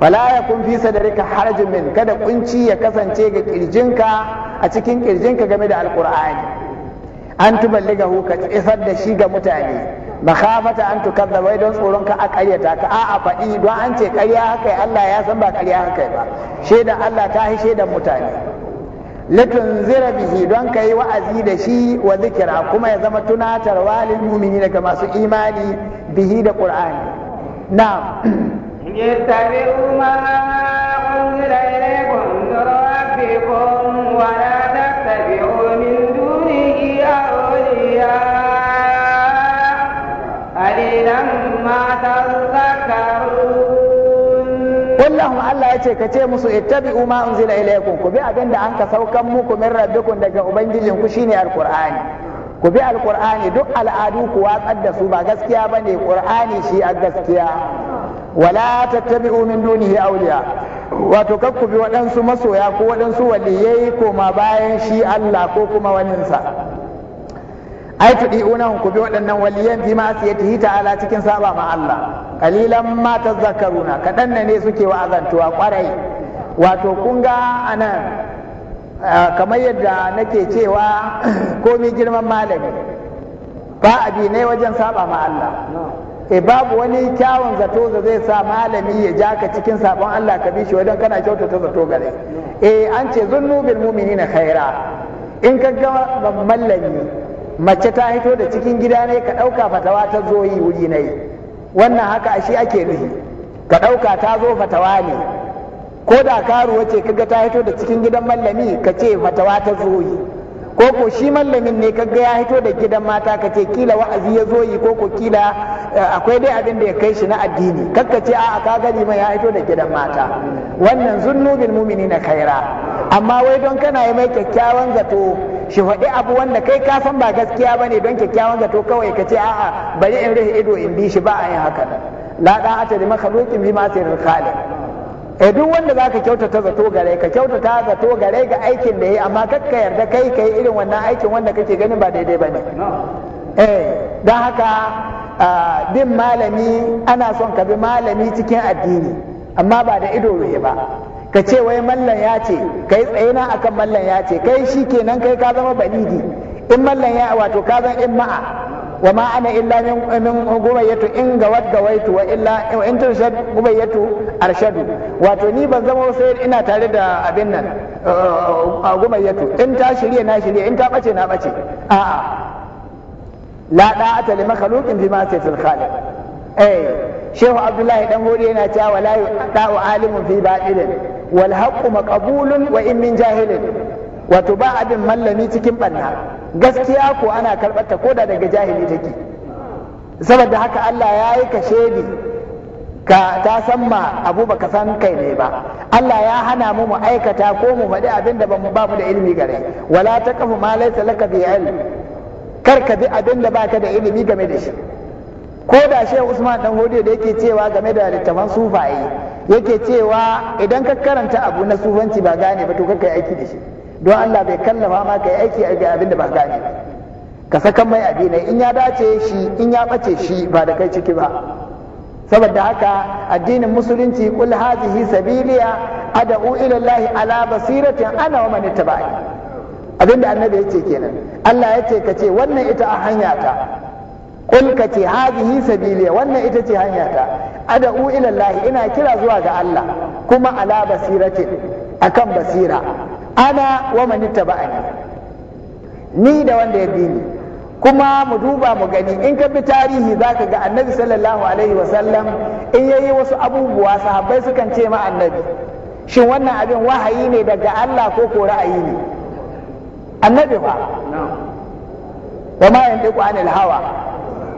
fala yakun fi sadrika harajun min kada kunci ya kasance ga kirjinka a cikin kirjinka game da alqur'ani an hu ka isar da shi ga mutane makhafata an tukadda wai don tsoron ka a ƙaryata ka a a faɗi don an ce ƙarya haka Allah ya san ba ƙarya haka ba shaidan Allah ta hi shaidan mutane zira bihi don kayi wa'azi da shi wa zikira kuma ya zama tunatarwa lil mu'minin ga masu imani bihi da qur'ani na'am yattabi'u ma unzila ilaykum min rabbikum wa la tattabi'u min dunihi awliya alilan ma lahum Allah ya ce ka ce musu ittabi'u ma unzila ilaykum ku bi abin da an ka saukan muku min rabbikum daga ubangijin ku shine alqur'ani ku bi alqur'ani duk al'adu ku watsar da su ba gaskiya bane qur'ani shi a gaskiya wala tattabi'u min dunihi awliya wato kar ku bi waɗansu masoya ko waɗansu waliyai ko ma bayan shi Allah ko kuma waninsa ai tudiuna ku bi waɗannan waliyan asiyati ta ala cikin saba ma Allah qalilan ma tazakkaruna kadan ne suke azantuwa kwarai wato kun ga anan kamar yadda nake cewa [clears throat] mi girman malami ba abi ne wajen saba ma Allah e babu wani kyawun zato da zai sa malami ya ja ka cikin sabon Allah ka bi shi wajen kana kyautata zato gare e an ce zunnu bil mu'minina khaira in ka ga malami mace ta hito da cikin gida ne ka ɗauka fatawa ta zo yi wuri na yi wannan haka shi ake nufi ka ɗauka ta zo fatawa ne ko da karuwa ce kaga ta hito da cikin gidan mallami ka ce fatawa ta zo yi ko ko shi mallamin ne kaga ya hito da gidan mata ka ce kila wa'azi ya zo yi ko ko kila eh, akwai dai abin da ya kai shi na addini kakka ce a'a ka gani mai ya hito da gidan mata wannan zunnubin mumini na kaira. amma wai don kana yi mai kyakkyawan zato shi faɗi abu wanda kai ka san ba gaskiya ba ne don kyakkyawan zato kawai ka ce a'a bari in rihe ido in bi shi ba a yin haka nan la da ata da makhluqin bi ma sirrul khaliq eh duk wanda zaka kyautata zato gare ka kyautata zato gare ga aikin da yayi amma ka yarda kai kai irin wannan aikin wanda kake ganin ba daidai ba eh dan haka bin malami ana son ka bi malami cikin addini amma ba da ido ruhe ba ka ce wai mallan ya ce kai tsaye na akan mallan ya ce kai shi kenan kai ka zama balidi in mallan ya wato ka zan in ma'a wa ma ana illa min min gubayatu in gawat gawaitu wa illa in tushad gubayatu arshadu wato ni ban zama sai ina tare da abin nan gubayatu uh, uh, in ta shirye na shirye in ta bace na bace a'a la da'ata li makhluqin bima ma'siyatil khaliq eh shehu abdullahi dan hore yana cewa la da'u alimun fi batilin wal haqqu maqbulun wa jahilin wato ba abin mallami cikin banna gaskiya ko ana karɓar ta koda daga jahili take saboda haka Allah ya yi kashe shedi ka ta san ma abu baka san kai ne ba Allah ya hana mu mu aikata ko mu faɗi abinda ba mu da ilimi gare wala taqfu ma laysa laka bi ilm kar ka bi abinda baka da ilimi game da shi ko da shehu Usman dan Hodiyo da yake cewa game da littafan sufaye yake cewa idan ka karanta abu na sufanci ba gane ba to ka kai aiki da shi don Allah bai kallafa ma kai aiki ga abin da ba gane ka saka mai abi ne in ya dace shi in ya bace shi ba da kai ciki ba saboda haka addinin musulunci kul hazihi sabiliya ad'u ila Allah ala basiratin ana wa man abinda annabi yace kenan Allah yace ka ce wannan ita a hanya ta kul ka ce hadihi sabiliya wannan ita ce hanyata ad'u ila Allah ina kira zuwa ga Allah kuma ala basirati akan basira ana wa man ittaba'ani ni da wanda ya bi kuma mu duba mu gani in ka bi tarihi zaka ga annabi sallallahu alaihi wasallam in yayi wasu abubuwa sahabbai sukan ce ma annabi shin wannan abin wahayi ne daga Allah ko ko ra'ayi ne annabi ba wa ma yantiqu anil hawa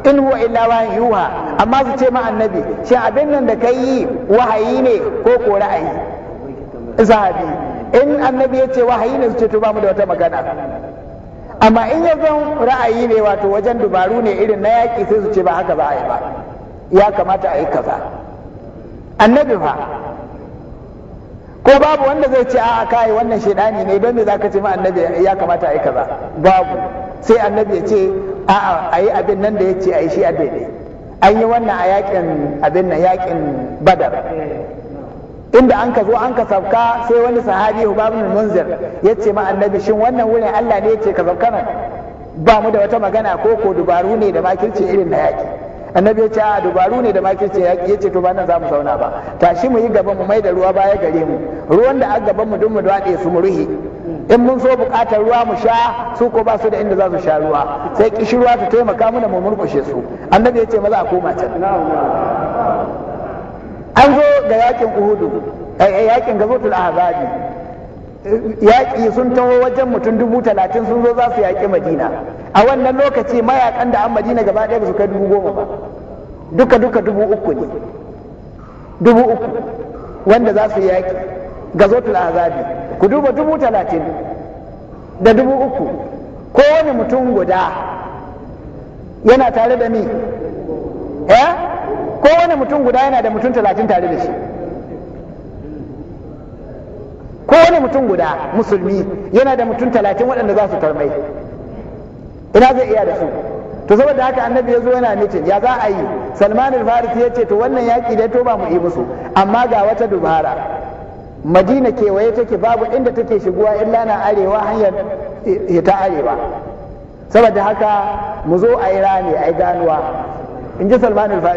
in huwa illa wahayin yuha amma su ce ma annabi shi abin nan da ka yi wahayi ne ko ko ra'ayi zahabi in annabi ya ce wahayi ne su ce to ba mu da wata magana amma in ya zan ra'ayi ne wato wajen dubaru ne irin na yaƙi sai su ce ba haka ba a yi ba ya kamata a yi kaza annabi fa ko babu wanda zai ce a'a kai wannan shedani ne don me za ka ce ma annabi ya kamata ai kaza babu sai annabi ya ce a'a ayi abin nan da ya ce yi shi a daidai an yi wannan a yakin abin nan yakin badar inda an ka zo an ka sabka sai wani sahabi Hubab bin Munzir ya ce ma annabi shin wannan wurin Allah ne ya ce ka sabka ba mu da wata magana ko ko dubaru ne da makirci irin na yaki annabi ya ce a dubaru ne da makirci ya ce to ba nan za mu zauna ba tashi mu yi gaban mu mai da ruwa baya gare mu ruwan da a gaban mu duk mu dwaɗe su mu ruhe in mun so bukatar ruwa mu sha su ko ba su da inda za su sha ruwa sai kishirwa ta taimaka mana mu murkushe su annabi ya ce maza a koma can an zo ga yakin uhudu eh, eh, yakin gazotul ahzabi yaƙi sun taho wajen mutum dubu talatin sun zo za su yaƙi madina a wannan lokaci mayakan da an madina gaba ɗaya ba su kai dubu goma ba duka duka dubu uku ne dubu uku wanda za su yaƙi gazotul azabi ku duba dubu talatin da dubu uku kowane mutum guda yana tare da ni eh kowane mutum guda yana da mutum talatin tare da shi kowane mutum guda musulmi yana da mutum talatin waɗanda za su tarmai ina zai iya da su to saboda haka annabi ya zo yana mitin ya za a yi salman al ya ce to wannan yaƙi da to ba mu yi musu amma ga wata dubara madina kewaye take babu inda take shigowa illa na arewa hanyar ta arewa saboda haka mu zo a yi rami a yi ganuwa in ji salman al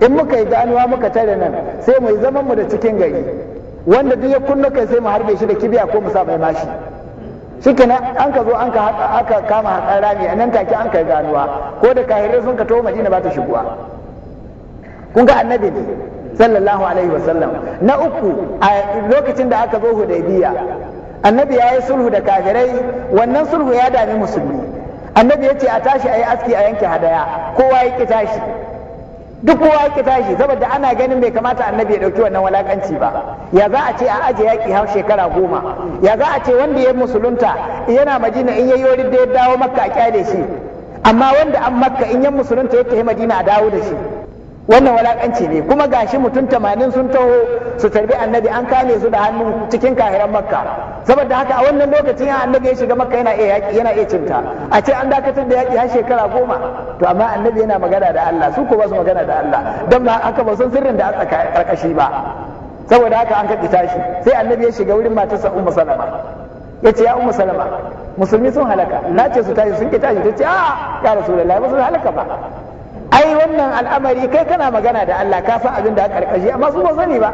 in muka yi ganuwa muka tare nan sai mu yi zaman mu da cikin gari wanda duk ya kunna kai sai mu harbe shi da kibiya ko mu sa mai mashi shikenan an ka zo an ka aka kama hakan rami a nan take an kai ganuwa ko da kahirai sun ka taho madina ba ta shigowa kun ga annabi ne sallallahu alaihi wasallam na uku a lokacin da aka zo hudaybiya annabi ya yi sulhu da kafirai wannan sulhu ya dami musulmi annabi ya ce a tashi a yi aski a yanke hadaya kowa ya ki tashi duk kowa yake tashi saboda ana ganin bai kamata annabi ya dauki wannan walakanci ba ya za a ce a aje yaki har shekara goma ya za a ce wanda ya musulunta yana madina in yayi wani da ya dawo makka a kyale shi amma wanda an makka in yan musulunta ya tafi madina a dawo da shi wannan walakanci ne kuma gashi mutum tamanin sun taho su tarbi annabi an kame su da hannu cikin kahiran makka saboda haka a wannan lokacin ya annabi ya shiga makka yana iya yana iya cinta a ce an dakatar da yaki har shekara goma to amma annabi yana magana da Allah su ko ba su magana da Allah dan ba haka ba sun sirrin da aka karkashi ba saboda haka an kaɗi tashi sai annabi ya shiga wurin matarsa ummu salama ya ce ya ummu salama musulmi sun halaka na ce su tashi sun ki tashi ta ce a ya rasulullahi ba sun halaka ba ai wannan al'amari kai kana magana da Allah ka san abin da karkashi amma su ba sani ba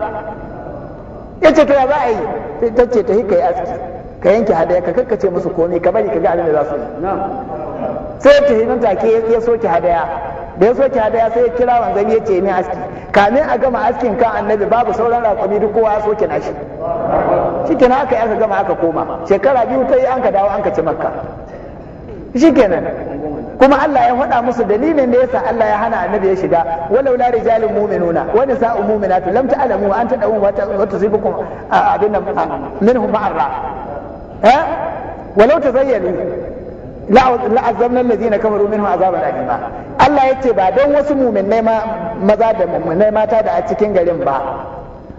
yace to ya za a yi ta ce ta a aski ka yanke hadaya ka karkace musu komai ka bari ka ga abin da za su yi sai ta nan take ya soke hadaya da ya soke hadaya sai ya kira wanzan ya ce mai aski kamin a gama askin kan annabi babu sauran rakwami duk kowa ya soke nashi shi kenan aka yi aka gama aka koma shekara biyu ta yi an ka dawo an ka ci makka kenan kuma Allah ya faɗa musu dalilin da yasa Allah ya hana annabi ya shiga walau la rijalun mu'minuna wa nisa'u mu'minatu lam ta'lamu an tad'u wa tusibukum abin nan minhum ma'arra eh walau tazayyanu la'azzamna alladhina kafaru minhum azaban alima Allah yace ba don wasu mu'minai maza da mu'minai mata da a cikin garin ba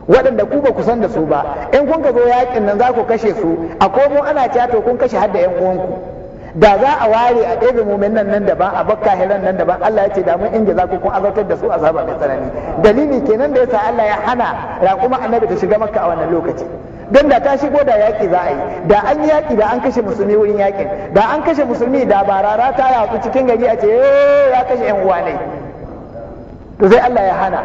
waɗanda ku ba ku san da su ba in kun ka zo yakin nan za ku kashe su a komo ana cewa to kun kashe har da yan uwanku da za a ware a ɗebe muminan nan daban a bakka hiran nan daban Allah ya ce da mun za ku kun azabtar da su azaba mai tsanani dalili kenan da yasa Allah ya hana kuma annabi ta shiga makka a wannan lokaci dan da ta shigo da yaki za a yi da an yaki yaƙi da an kashe musulmi wurin yakin da an kashe musulmi da barara ta yatsu cikin gari a ce eh, ya kashe yan uwa ne to sai Allah ya hana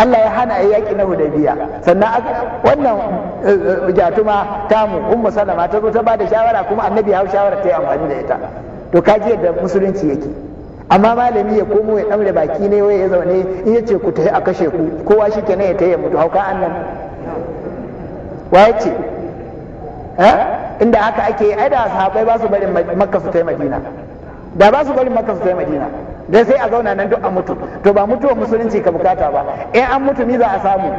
Allah ya hana a yaƙi na hudabiya sannan wannan eh, eh, jatuma tamu ummu salama ta zo ta ba da shawara kuma annabi ya hau shawara ta yi amfani da ita to ka ji yadda musulunci yake amma malami ya komo ya ɗaure baki ne waye ya zaune in ya ce ku tafi a kashe ku kowa shi kenan ya tafi mutu hauka annan wa ya ce eh? inda haka ake ai da sahabbai ba su barin makka su tafi madina da ba su barin makka su tafi madina dan sai a zauna nan duk a mutu to ba mutuwar musulunci ka bukata ba in an mutu mi za a samu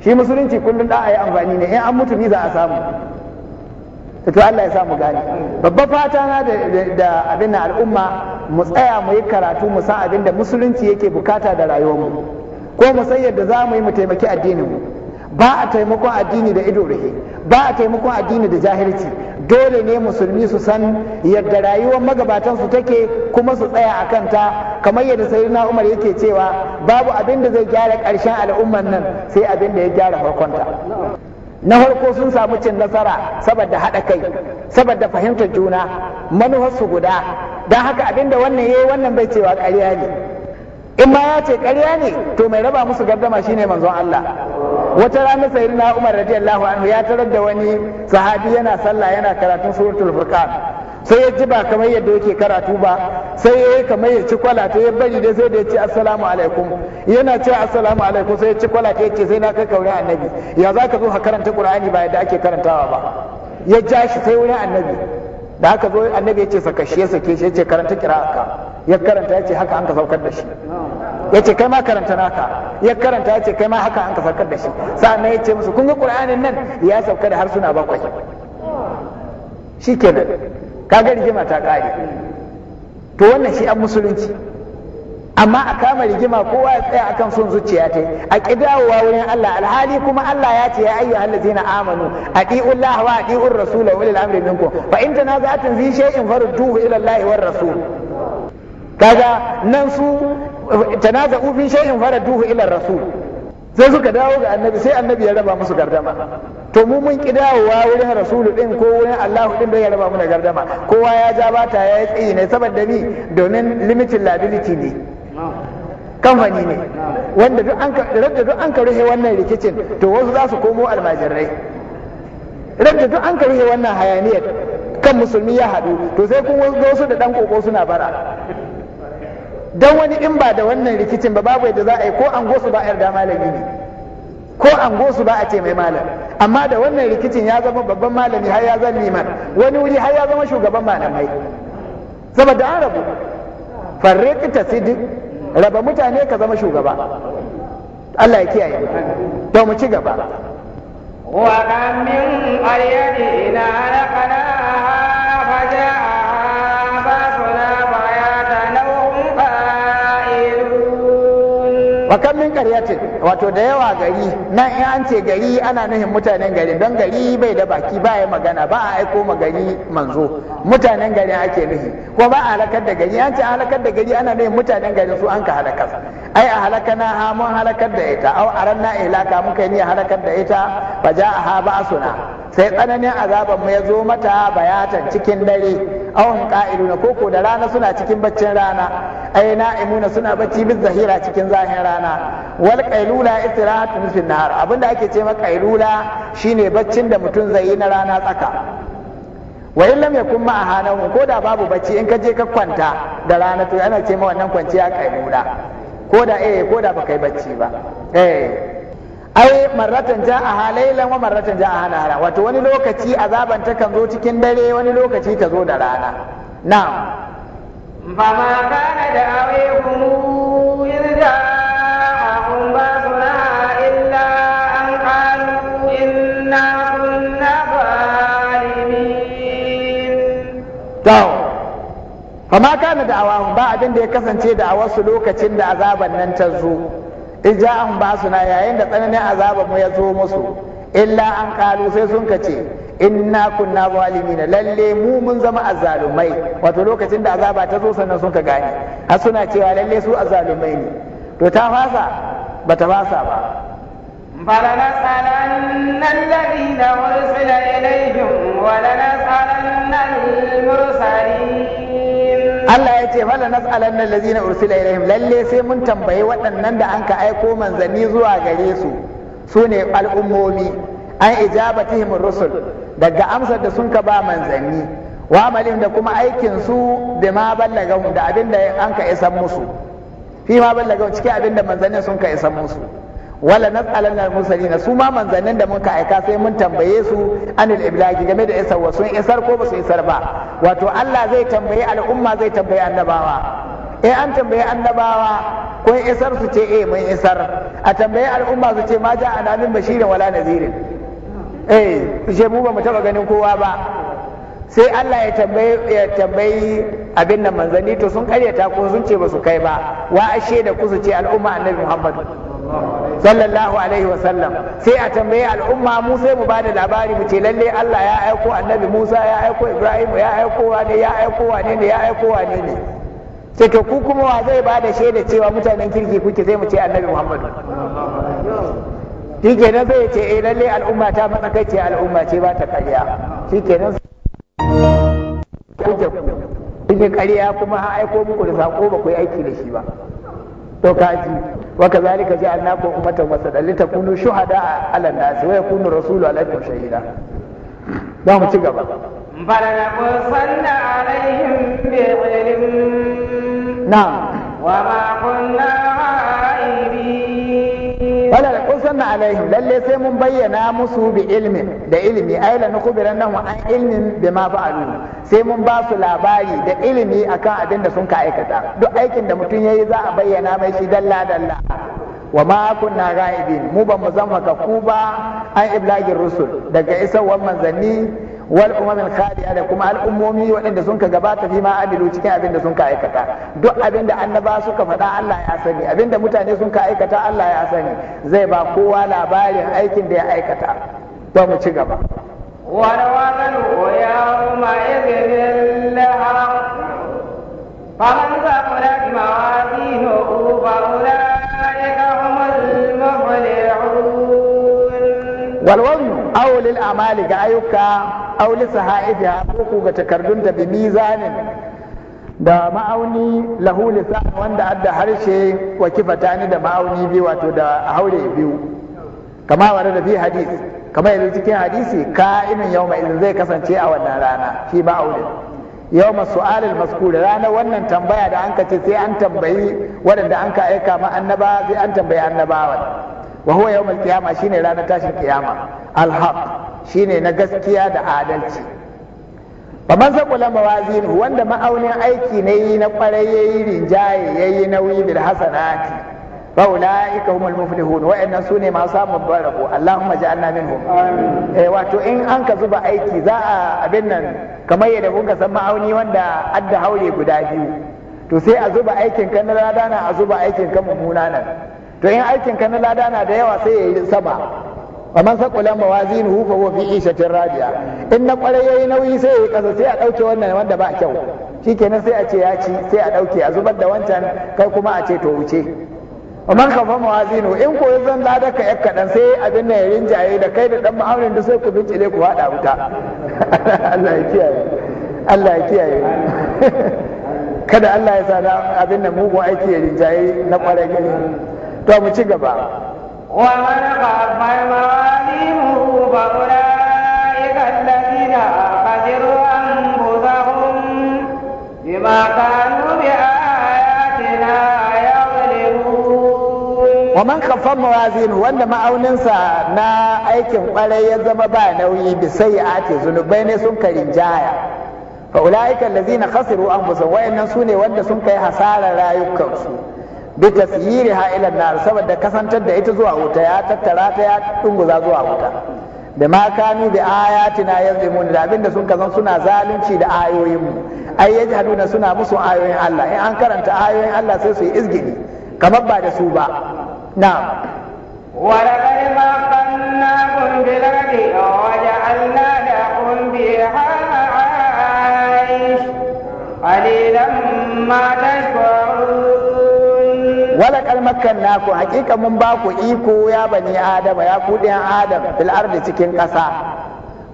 shi musulunci kullum da a yi amfani ne in an mutu mi za a samu to Allah ya sa mu gane babba fata na da abin na al'umma mu tsaya mu yi karatu mu san abin da musulunci yake bukata da rayuwarmu ko mu san yadda za mu yi mu taimaki addinin mu ba a taimakon addini da ido rahe ba a taimakon addini da jahilci dole ne musulmi su san yadda rayuwar magabatan su take kuma su tsaya a kanta kamar yadda sayyidina Umar yake cewa babu abin da zai gyara ƙarshen al'ummar nan sai abin da ya gyara farkonta na farko sun samu cin nasara saboda haɗa kai saboda fahimtar juna su guda don haka abin da wannan yayi wannan bai cewa ƙarya ne in ma ya ce karya ne to mai raba musu gardama shine manzon Allah wata rana sayyidina Umar radiyallahu anhu ya tarar da wani sahabi yana sallah yana karatu suratul furqan sai ya ji ba kamar yadda yake karatu ba sai ya kamar ya ci kwalata ya bari dai sai da ya ce assalamu alaikum yana ce assalamu alaikum sai ya ci kwalata ta sai na kai kaurin annabi ya za ka zo ka karanta qur'ani ba yadda ake karantawa ba ya ja shi sai wurin annabi da haka zo annabi ya ce saka shi ya sake shi ya ce karanta kira'aka ya karanta ya ce haka an ka saukar da shi ya ce kai ma karanta naka ya karanta ya ce kai ma haka an ka saukar da shi sa'annan ya ce musu kun ga qur'anin nan ya sauka da harsuna bakwai shikenan kaga rigima ta kare to wannan shi an musulunci amma a kama rigima kowa ya tsaya akan son zuciya ta a kidawowa wurin Allah alhali kuma Allah ya ce ya ayyu allazina amanu adiu Allah wa adiu rasul wa ulil amri minkum fa in tanaza'tum fi shay'in farudduhu ila Allah war rasul kaga nan su tanaza'u fi shay'in farudduhu ila rasul sai suka dawo ga annabi sai annabi ya raba musu gardama to mu mun kidawowa wurin rasul din ko wurin Allahu din da ya raba mu da gardama kowa ya ja bata ya yi tsayi ne saboda ni domin limited liability ne kamfani ne wanda duk an da duk an ka rufe wannan rikicin to wasu za su komo almajirai rabda duk an ka rufe wannan hayaniyar kan musulmi ya haɗu to sai kun wasu da ɗan koko suna bara don wani in ba da wannan rikicin ba babu yadda za a yi ko an gosu ba a yarda malami ne ko an gosu ba a ce mai malam amma da wannan rikicin ya zama babban malami har ya zama liman wani wuri har ya zama shugaban malamai saboda an rabu farriqta sidq raba mutane ka zama shugaba Allah ya kiyaye to mu ci gaba wa kam min qaryatin halaqna wa kam min wato da yawa gari na in an ce gari ana nuhin mutanen garin don gari bai da baki ba ya magana ba a aiko ma gari manzo mutanen garin ake nuhi ko ba a halakar da gari an ce halakar da gari ana nuhin mutanen garin su an ka halakar ai a na ha mun halakar da ita au aranna ihlaka mun kai ni halakar da ita fa ba asuna. sai tsananin azaban mu ya zo mata bayatan cikin dare au hum qa'iluna koko da rana suna cikin baccin rana ai na'imuna suna bacci bi zahira cikin zahin rana wal qailula istirahatu fil nahar abinda ake ce ma qailula shine baccin da mutum zai yi na rana tsaka wa in lam yakun ma ahanahu ko da babu bacci in ka je ka kwanta da rana to ana ce ma wannan kwanciya qailula ko da eh ko da baka yi bacci ba eh ai marratan ja'a halailan wa marratan ja'a nahara wato wani lokaci azaban ta kan zo cikin dare wani lokaci ta zo da rana na'am fa ma kana da awe idza yirda basuna illa an ma kana da awahun ba abin da ya kasance da a wasu lokacin da azaban nan ta zo in ja ija'an ba suna yayin da tsananin azaban mu ya zo musu illa an kalu sai sun kace inna kunna zalimin lalle mu mun zama azzalumai wato lokacin da azaba ta zo sannan sun ka gane har suna cewa lalle su azzalumai ne to ta fasa ba ta fasa ba فلنسألن الذين أرسل إليهم ولنسألن المرسلين Allah ya ce fala nas'alan lazina ursila ilaihim lalle sai mun tambayi waɗannan da anka aiko manzani zuwa gare su sune al'ummomi an ijabatihim rusul daga amsar da sun ka ba manzanni wa amalin da kuma aikin su ma ballagahum da abinda anka isan musu fi ma ballagahum cikin abinda manzanni sun ka isan musu wala na al mursalin su ma manzannin da muka aika sai mun tambaye su anil iblagi game da isar wasu isar ko ba su isar ba wato Allah zai tambaye al'umma zai tambaye annabawa eh an tambaye annabawa kun isar su ce eh mun isar a tambaye al'umma su ce ma ja anamin bashirin wala nazirin eh su ce mu ba mu taba ganin kowa ba sai Allah ya tambayi ya tambayi abin nan manzanni to sun karyata ko sun ce ba su kai ba wa ashe da ku su ce al'umma annabi Muhammadu. sallallahu alaihi wa sallam sai a tambaye al'umma mu sai mu bada labari mu ce lalle Allah ya aiko annabi Musa ya aiko Ibrahim ya aiko wane ya aiko wane ne ya aiko wane ne sai to ku kuma wa zai bada shaida cewa mutanen kirki kuke sai mu ce annabi Muhammadu shi kenan zai ce eh lalle al'umma ta kai ce al'umma ce ba ta karya shi kenan kuke kariya kuma ha aiko muku da sako ba ku yi aiki da shi ba to kaji wa kazalika ja'alnakum ummatan wasatan litakunu shuhada 'ala an-nas wa yakunu rasulu 'alaykum shahida za mu ci gaba sanna alaihim bi bi'ilm na'am wa ma kunna wala sanna alaihim lalle sai mun bayyana musu bi ilmi da ilmi ai la nukhbiran nahum an ilmin bima alu sai mun ba su labari da ilmi akan abin da sun ka aikata duk aikin da mutum yayi za a bayyana mai shi dalla dalla wa ma kunna ghaibin mu ba mu zama ka ku ba an iblagin rusul daga isar manzanni wal umamil khali da kuma al'ummomi waɗanda sun ka gabata fi ma amilu cikin abin da sun ka aikata duk abin da annaba suka faɗa Allah ya sani abin da mutane sun ka aikata Allah ya sani zai ba kowa labarin aikin da ya aikata ba mu ci gaba ولو أنه يومئذ للحق فمن ثقلت موازينه فأولئك هم المفلحون والوزن أو للأعمال كأيك auli sahaifiha ko ga takardun ta bi mizanin da ma'auni lahu lisan wanda adda harshe wa kifatani da ma'auni biyu wato da haure biyu kama wa da fi hadis kama yanzu cikin hadisi ka'inun yawma idan zai kasance a wannan rana shi ma'aunin yawma su'alil maskuri ranar wannan tambaya da an ce sai an tambayi waɗanda an ka aika ma annaba sai an tambayi annabawan wa huwa yawmal qiyama shine ranar tashin kiyama al haq shine na gaskiya da adalci fa man saqula mawazin wanda ma'aunin aiki ne na kwarai yayi rinjaye yayi nauyi bil hasanati fa ulaika humul muflihun wa inna sune ma samu barako allahumma ja'alna minhum eh wato in an ka zuba aiki za a abin nan kamar yadda kun ka san ma'auni wanda adda haure guda biyu to sai a zuba aikin kan na lada na a zuba aikin kan mummuna nan to in aikin ka na lada na da yawa sai ya yi sama man sakulan mawazin hu fa fi ishatin radiya in na kwarai yayi nauyi sai yayi kasa sai a ɗauke wannan wanda ba kyau shikenan sai a ce ya ci sai a dauke a zubar da wancan kai kuma a ce to wuce man kafa mawazinu in koyi zan lada ka yak kadan sai abin nan ya rinjaye da kai da dan ma'aurin da sai ku bincile ku hada wuta [laughs] Allah ya kiyaye Allah ya kiyaye [laughs] kada Allah ya sa abin nan mugun aiki ya rinjaye na kwarai to mu ci gaba wa man qafa mawalimu fa ulaika alladhina wa mawazinu wanda ma'auninsa na aikin kwarai ya zama ba nauyi bi sai'ati zunubai ne sun karin jaya fa ulaika na khasiru anfusahum wayannan sune wanda sun kai hasarar rayukansu bi tasyiriha ila nar saboda kasantar da ita zuwa wuta ya tattara ta ya dunguza zuwa wuta da ma kanu bi ayatina yazlimun da abinda sun kazan suna zalunci da ayoyinmu ai yajhaduna suna musu ayoyin Allah in an karanta ayoyin Allah sai su yi izgini kamar ba da su ba na'am ولقد مكناكم بالأرض وجعلنا لكم بها معايش قليلا ما تشكرون wala kalmakan naku hakika mun ba ku iko ya bani adama ya ku adam fil ardi cikin ƙasa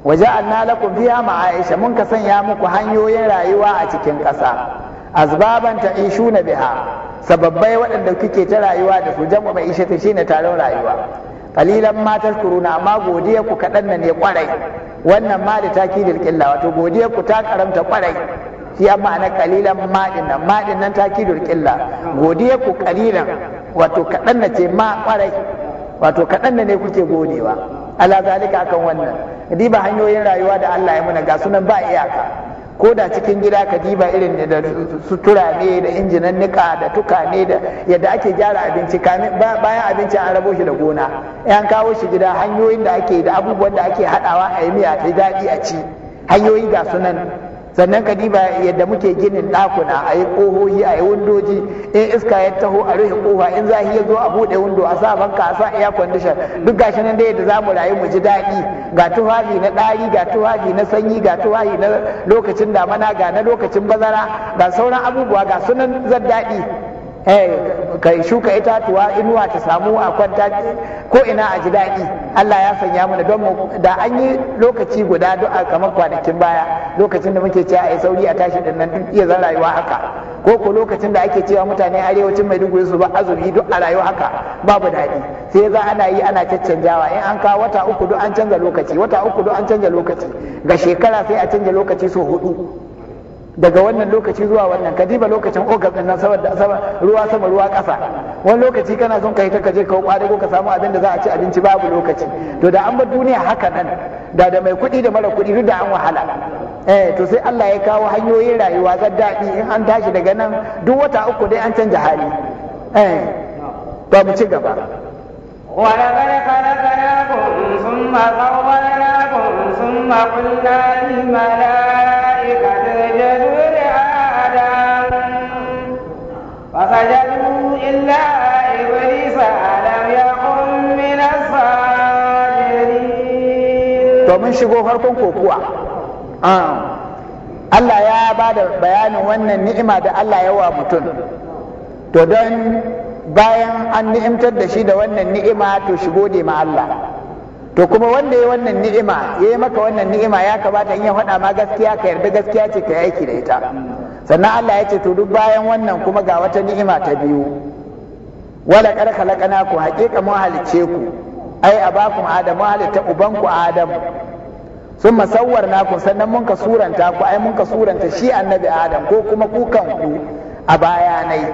wa ja'alna lakum fiha ma'aisha mun ka sanya muku hanyoyin rayuwa a cikin ƙasa azbaban ta'ishuna biha sababbai waɗanda kuke ta rayuwa da su jama'a mai ishe ta shine taron rayuwa qalilan ma tashkuruna amma godiya ku kaɗan ne kwarai wannan ma da takidil killa wato godiya ku ta karamta kwarai ya ma'ana kalilan ma'in nan ma'in nan takidul killa. godiya ku kalilan wato kaɗan na ce ma kwarai wato kaɗan na ne kuke godewa ala zalika akan wannan diba hanyoyin rayuwa da Allah ya muna ga sunan ba iyaka ko da cikin gida ka diba irin ne da sutura ne da injinan nika da tuka da yadda ake gyara abinci bayan abincin an rabo shi da gona an kawo shi gida hanyoyin da ake da abubuwan da ake hadawa a yi miya ta daɗi a ci hanyoyi ga sunan sannan ka diba yadda muke ginin ɗakuna a yi ƙohohi a yi windoji in iska ya taho a rufe ƙofa in zahi ya zo a buɗe windo a sa banka a sa air condition duk gashi nan dai yadda za mu rayu mu ji daɗi ga tufafi na ɗari ga tufafi na sanyi ga tufafi na lokacin damana ga na lokacin bazara ga sauran abubuwa ga sunan zan daɗi Eh, kai shuka itatuwa inuwa ta samu a kwanta ko ina a ji daɗi Allah ya sanya mana don da an yi lokaci guda du'a kamar kwanakin baya lokacin da muke cewa a sauri a tashi da nan iya zan rayuwa haka ko ko lokacin da ake cewa mutane arewacin mai maiduguri su ba azumi duk a rayuwa haka babu daɗi sai za ana yi ana caccanjawa in an kawo wata uku duk an canza lokaci wata uku duk an canza lokaci ga shekara sai a canza lokaci so hudu daga wannan lokaci zuwa wannan ka diba lokacin ogas din nan saboda ruwa sama ruwa kasa wani lokaci kana son ka hita ka je ka kware ko ka samu abin da za a ci abinci babu lokaci to da an bar duniya haka nan da da mai kuɗi da mara kuɗi duk da an wahala eh to sai Allah ya kawo hanyoyin rayuwa ga daɗi in an tashi daga nan duk wata uku dai an canja hali eh to mu ci gaba ولقد خلقناكم ثم ثم قلنا للملائكة to mun shigo farkon kokuwa Allah ya ba da bayanin wannan ni'ima da Allah ya wa mutum to don bayan an ni'imtar da shi da wannan ni'ima to shigo da ma Allah to kuma wanda ya wannan ni'ima ya yi maka wannan ni'ima ya kamata in ya faɗa ma gaskiya ka yarda gaskiya ce ka yi aiki da ita sannan Allah ya ce to duk bayan wannan kuma ga wata ni'ima ta biyu wala kar ku, haqiqa mu halice ku ai abakum adamu ta ubanku Adam sun masawar naku sannan mun ka suranta ku ai mun ka suranta shi annabi adam ko kuma kukan ku a bayanai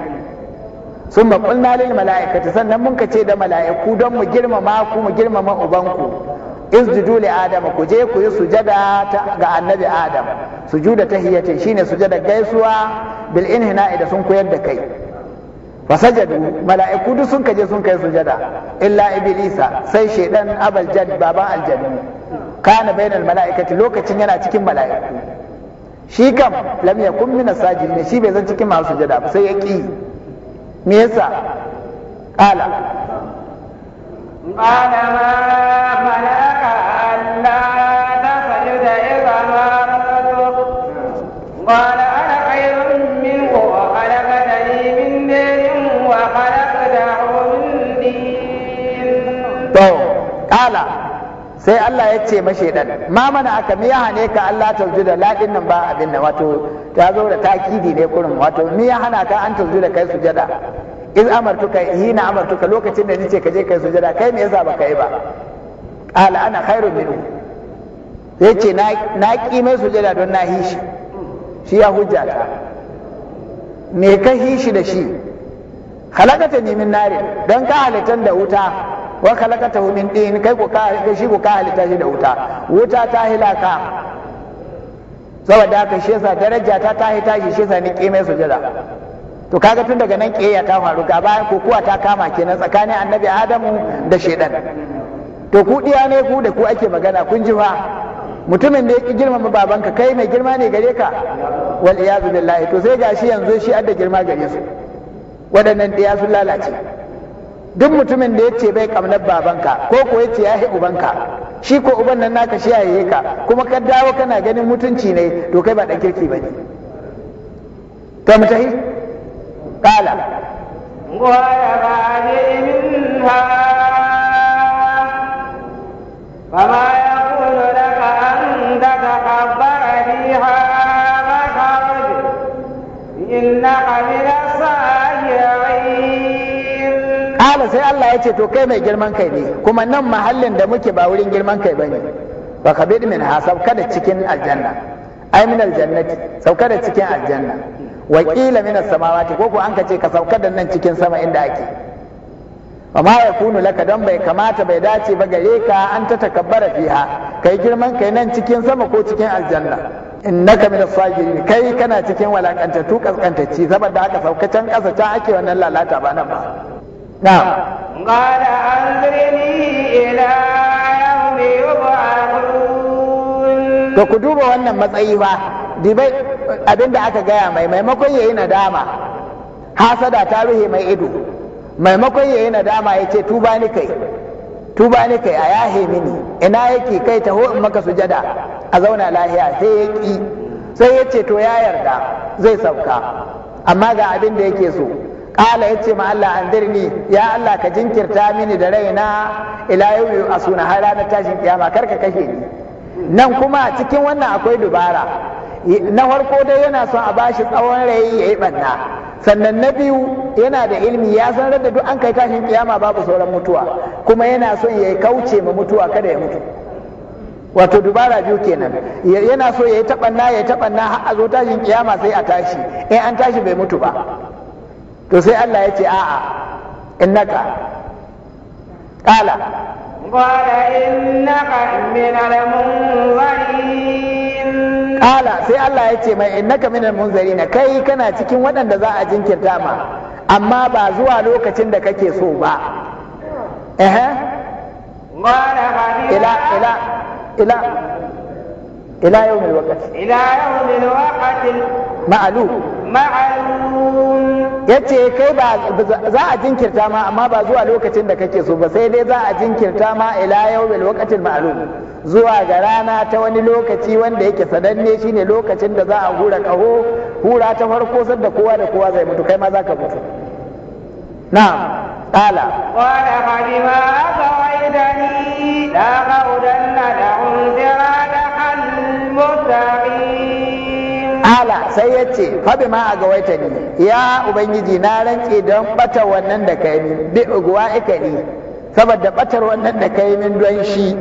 sun maƙulna lil mala'ikati sannan mun ka ce da mala'iku don mu girmama ku mu girmama ubanku isjudu li adam ku je ku yi sujada ga annabi adam sujuda tahiyatin shine sujada gaisuwa bil inhina'i da sun koyar da kai fasajadu mala'iku duk sun kaje sun kai sujada illa iblisa sai shaidan abal jad baban aljannu kana bainal mala'ikati lokacin yana cikin mala'iku shi kam lam yakun min ne shi bai zan cikin masu sujada ba sai ya ki me yasa qala qala ma sai Allah ya ce dan ma mana aka miya hane ka Allah tawjuda la nan ba abin nan wato ta zo da takidi ne kurin wato miya hana ka an tawjuda kai sujada iz amartuka na amartuka lokacin da nace ka je kai sujada kai me yasa baka yi ba qala ana khairu minhu yace na na ki mai sujada don na hishi shi ya hujja ta me ka hishi da shi halakata ne min nare don ka halatan da wuta wa ta min din kai ku ka shi ku ka ta shi da wuta wuta ta hilaka saboda haka shesa, daraja ta ta hita shi shi yasa su jira. to kaga tun daga nan kiyaya ta faru ga bayan kokuwa ta kama kenan tsakanin annabi adamu da shedan to ku diya ne ku da ku ake magana kun ji fa mutumin da ya ki girmama babanka kai mai girma ne gare ka wal iyazu billahi to sai gashi yanzu shi adda girma gare su waɗannan diya sun lalace duk mutumin da ya ce bai kamnar babanka ko ko ya ce ya yi ubanka shi ko uban nan naka shi yaye ka kuma ka dawo kana ganin mutunci ne to kai ba dan kirki bane to mu tahi qala wa ya minha yaqulu laka ha ba ka inna qali sai Allah ya ce to kai mai girman kai ne kuma nan mahallin da muke ba wurin girman kai bane ka bi min hasab sauka da cikin aljanna ai min aljannati sauka da cikin aljanna wa qila min as-samawati ko ko an ka ce ka sauka da nan cikin sama inda ake wa ma yakunu laka dan bai kamata bai dace ba gare ka an ta takabbara fiha kai girman kai nan cikin sama ko cikin aljanna innaka min as-sajirin kai kana cikin walakantatu kaskantacci saboda haka sauka can ta ake wannan lalata ba nan ba نعم قال أنظرني إلى يوم يبعثون to ku duba wannan matsayi ba dibai abinda aka gaya mai maimakon yayi nadama hasada ta ruhe mai ido maimakon yayi nadama ya ce tuba ni kai tuba ni kai a yahe mini ina yake kai ta in maka sujada a zauna lahiya sai ya ki sai ya ce to ya yarda zai sauka amma ga abin da yake so ƙala ya ce ma Allah an dirni ya Allah ka jinkirta mini da raina ila yau a suna har ranar tashin kiyama kar ka kashe ni nan kuma cikin wannan akwai dubara na farko dai yana son a bashi tsawon rai ya yi ɓanna sannan na biyu yana da ilmi ya san da duk an kai tashin kiyama babu sauran mutuwa kuma yana son ya kauce ma mutuwa kada ya mutu wato dubara biyu kenan yana so ya yi taɓanna ya yi taɓanna har a zo tashin kiyama sai a tashi in an tashi bai mutu ba to sai Allah ya ce a'a innaka qala qala innaka min al-munzirin qala sai Allah ya ce mai innaka min al-munzirin kai kana cikin waɗanda za a jinkirta ma amma ba zuwa lokacin da kake so ba qala ila ila ila ila yawm al-waqt ila yawm al-waqt ma'lum Ya ce kai ba za a jinkirta ma amma ba zuwa lokacin da kake so ba sai dai za a jinkirta ma ila yawmil lokacin ma'lum zuwa ga rana ta wani lokaci wanda yake sananne shine lokacin da za a hura kaho hura ta farko sanda kowa da kowa zai mutu kai ma za ka mutu na'am قال ala sai ya ce fabi ma a gawaita ni ya ubangiji na rantse don bata wannan da kai min bi uguwa ika ni saboda batar wannan da kai min don shi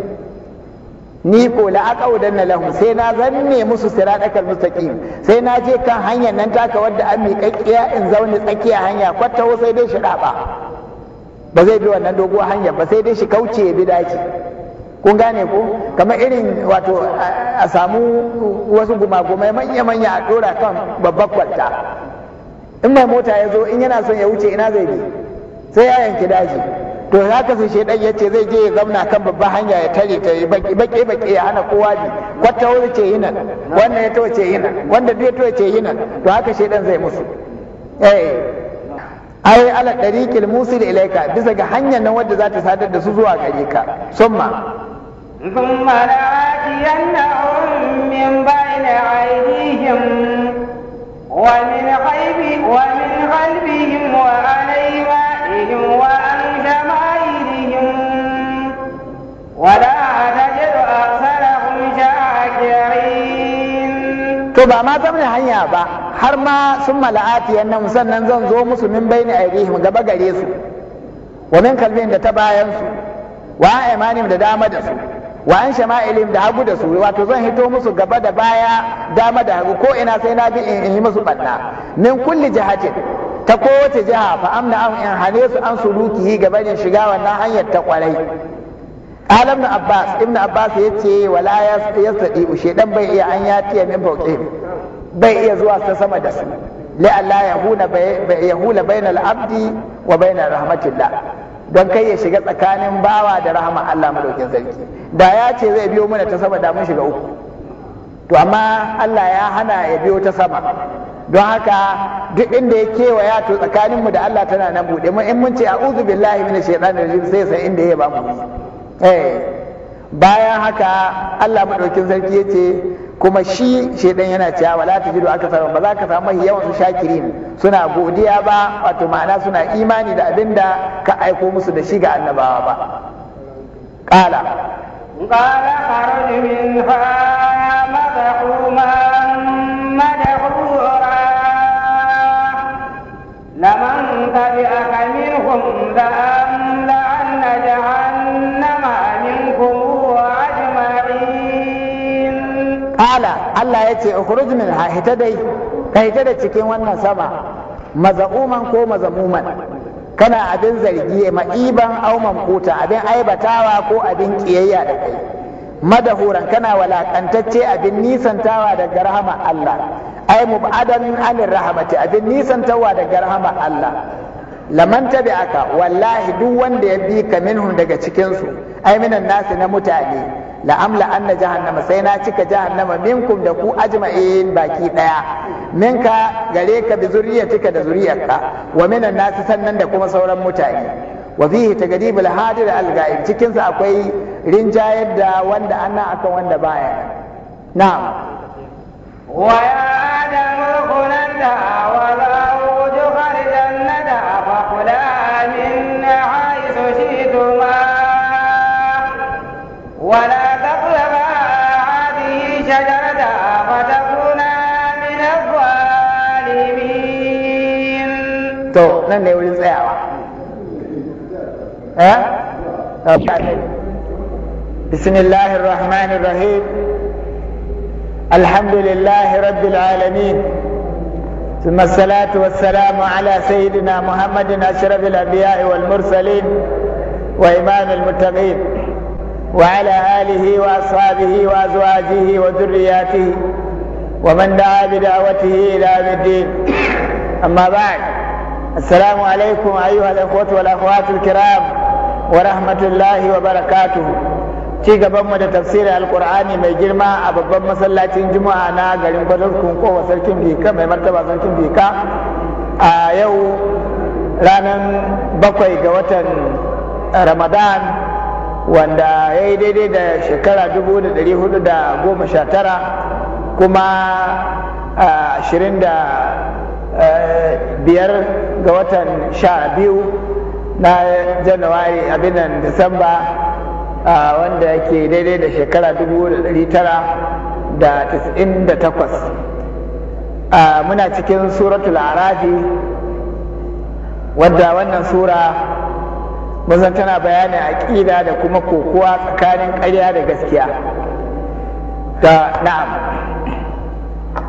ni ko la na lahum sai na zanne musu siratal mustaqim sai na je kan hanyar nan taka wadda an miƙaƙƙiya in zaune tsakiya hanya kwatta sai dai shi ba ba zai bi wannan doguwar hanyar ba sai dai shi kauce ya bi daki. kun gane ko kamar irin wato a samu wasu gumagumai manya-manya a dora kan babbar kwalta in mai mota ya zo in yana son ya wuce ina zai bi sai ya yanki daji to ka sai shaidan ya ce zai je ya zamna kan babban hanya ya tare ta baki baki ya hana kowa bi kwata wuri ce yi nan wanda ya tawa ce nan wanda duk ya to ce nan to haka shaidan zai musu eh ai ala tariqil musil ilayka bisa ga hanyar nan wadda za ta sadar da su zuwa gare ka summa ثم لآتينهم من بين أيديهم ومن ومن خلفهم وعن أيمانهم وعن شمائلهم ولا تجد أكثرهم شاكرين. تو ما تبني هيا بقى har ma sun mala'ati yannan sannan zan zo musu min baini aidihim gaba gare su wa min kalbin da ta bayan su wa imanim da dama da su wa an ilim da hagu da su wato zan hito musu gaba da baya dama da hagu ko ina sai na bi in yi musu banna min kulli jihatin ta kowace jiha fa amna an in hane su an yi gaba da shiga wannan hanyar ta kwarai alam na abbas ibnu abbas yace wala yastadi shedan bai iya an tiya min bauke bai iya zuwa ta sama da su la alla yahuna bai yahula bainal abdi wa bainar rahmatillah don kai ya shiga tsakanin bawa da rahama Allah madaukin sarki da ya ce zai biyo mana ta sama da mun shiga uku to amma Allah ya hana ya biyo ta sama don haka duk inda ya kewaya to tsakaninmu da Allah tana nan buɗe mu in mun ce a'udhu billahi minash shaitanir rajim sai san inda ya ba mu eh. bayan haka Allah madaukin sarki ce. kuma shi shedan yana cewa wala aka akasarun ba za ka samu yawan su shakirin suna godiya ba wato ma'ana suna imani da abinda ka aiko musu da shi ga annabawa ba qala qala kharaj minha madhuma madhura laman tabi'aka minhum da'a Kala Allah ya ce ukhruj min hita dai ka hita da cikin wannan sama maza'uman ko mazamuman kana abin zargi ma'iban au mamkuta abin aibatawa ko abin ƙiyayya da kai madahuran kana walakantacce abin nisantawa daga rahama Allah ai mub'adan anir rahamati abin nisantawa daga rahama Allah laman aka, wallahi duk wanda ya bi ka minhum daga cikin su ai minan nasu na mutane amla anna jahannama sai na cika jahannama minkum da ku ajma'in baki daya minka gare ka bi zuriyatika da zuriyarka wa minan nasu sannan da kuma sauran mutane wa fihi tagrib hadir al cikin sa akwai rinjayar da wanda anna akan wanda baya na'am wa ya adamu khulanta wa la jannata fa min haythu shi'tuma to nan ne wurin tsayawa eh bismillahir rahmanir rahim alhamdulillahi rabbil alamin ثم الصلاة والسلام على سيدنا محمد أشرف الأنبياء والمرسلين وإمام المتقين وعلى آله وأصحابه وأزواجه وذرياته ومن دعا بدعوته إلى الدين أما بعد السلام عليكم أيها الأخوة والأخوات الكرام ورحمة الله وبركاته ci gaban mu da tafsirin alkur'ani mai girma a babban masallacin juma'a na garin badalkun kowa sarkin bika mai martaba sarkin bika a yau ranar bakwai ga watan ramadan wanda ya yi daidai da shekara 419 kuma 27 biyar ga watan sha biyu na januwari abinan disamba wanda yake daidai da shekara da 1998 muna cikin suratul arafi wadda wannan sura mazan tana bayanin aƙida da kuma kokowa tsakanin ƙarya da gaskiya da na'am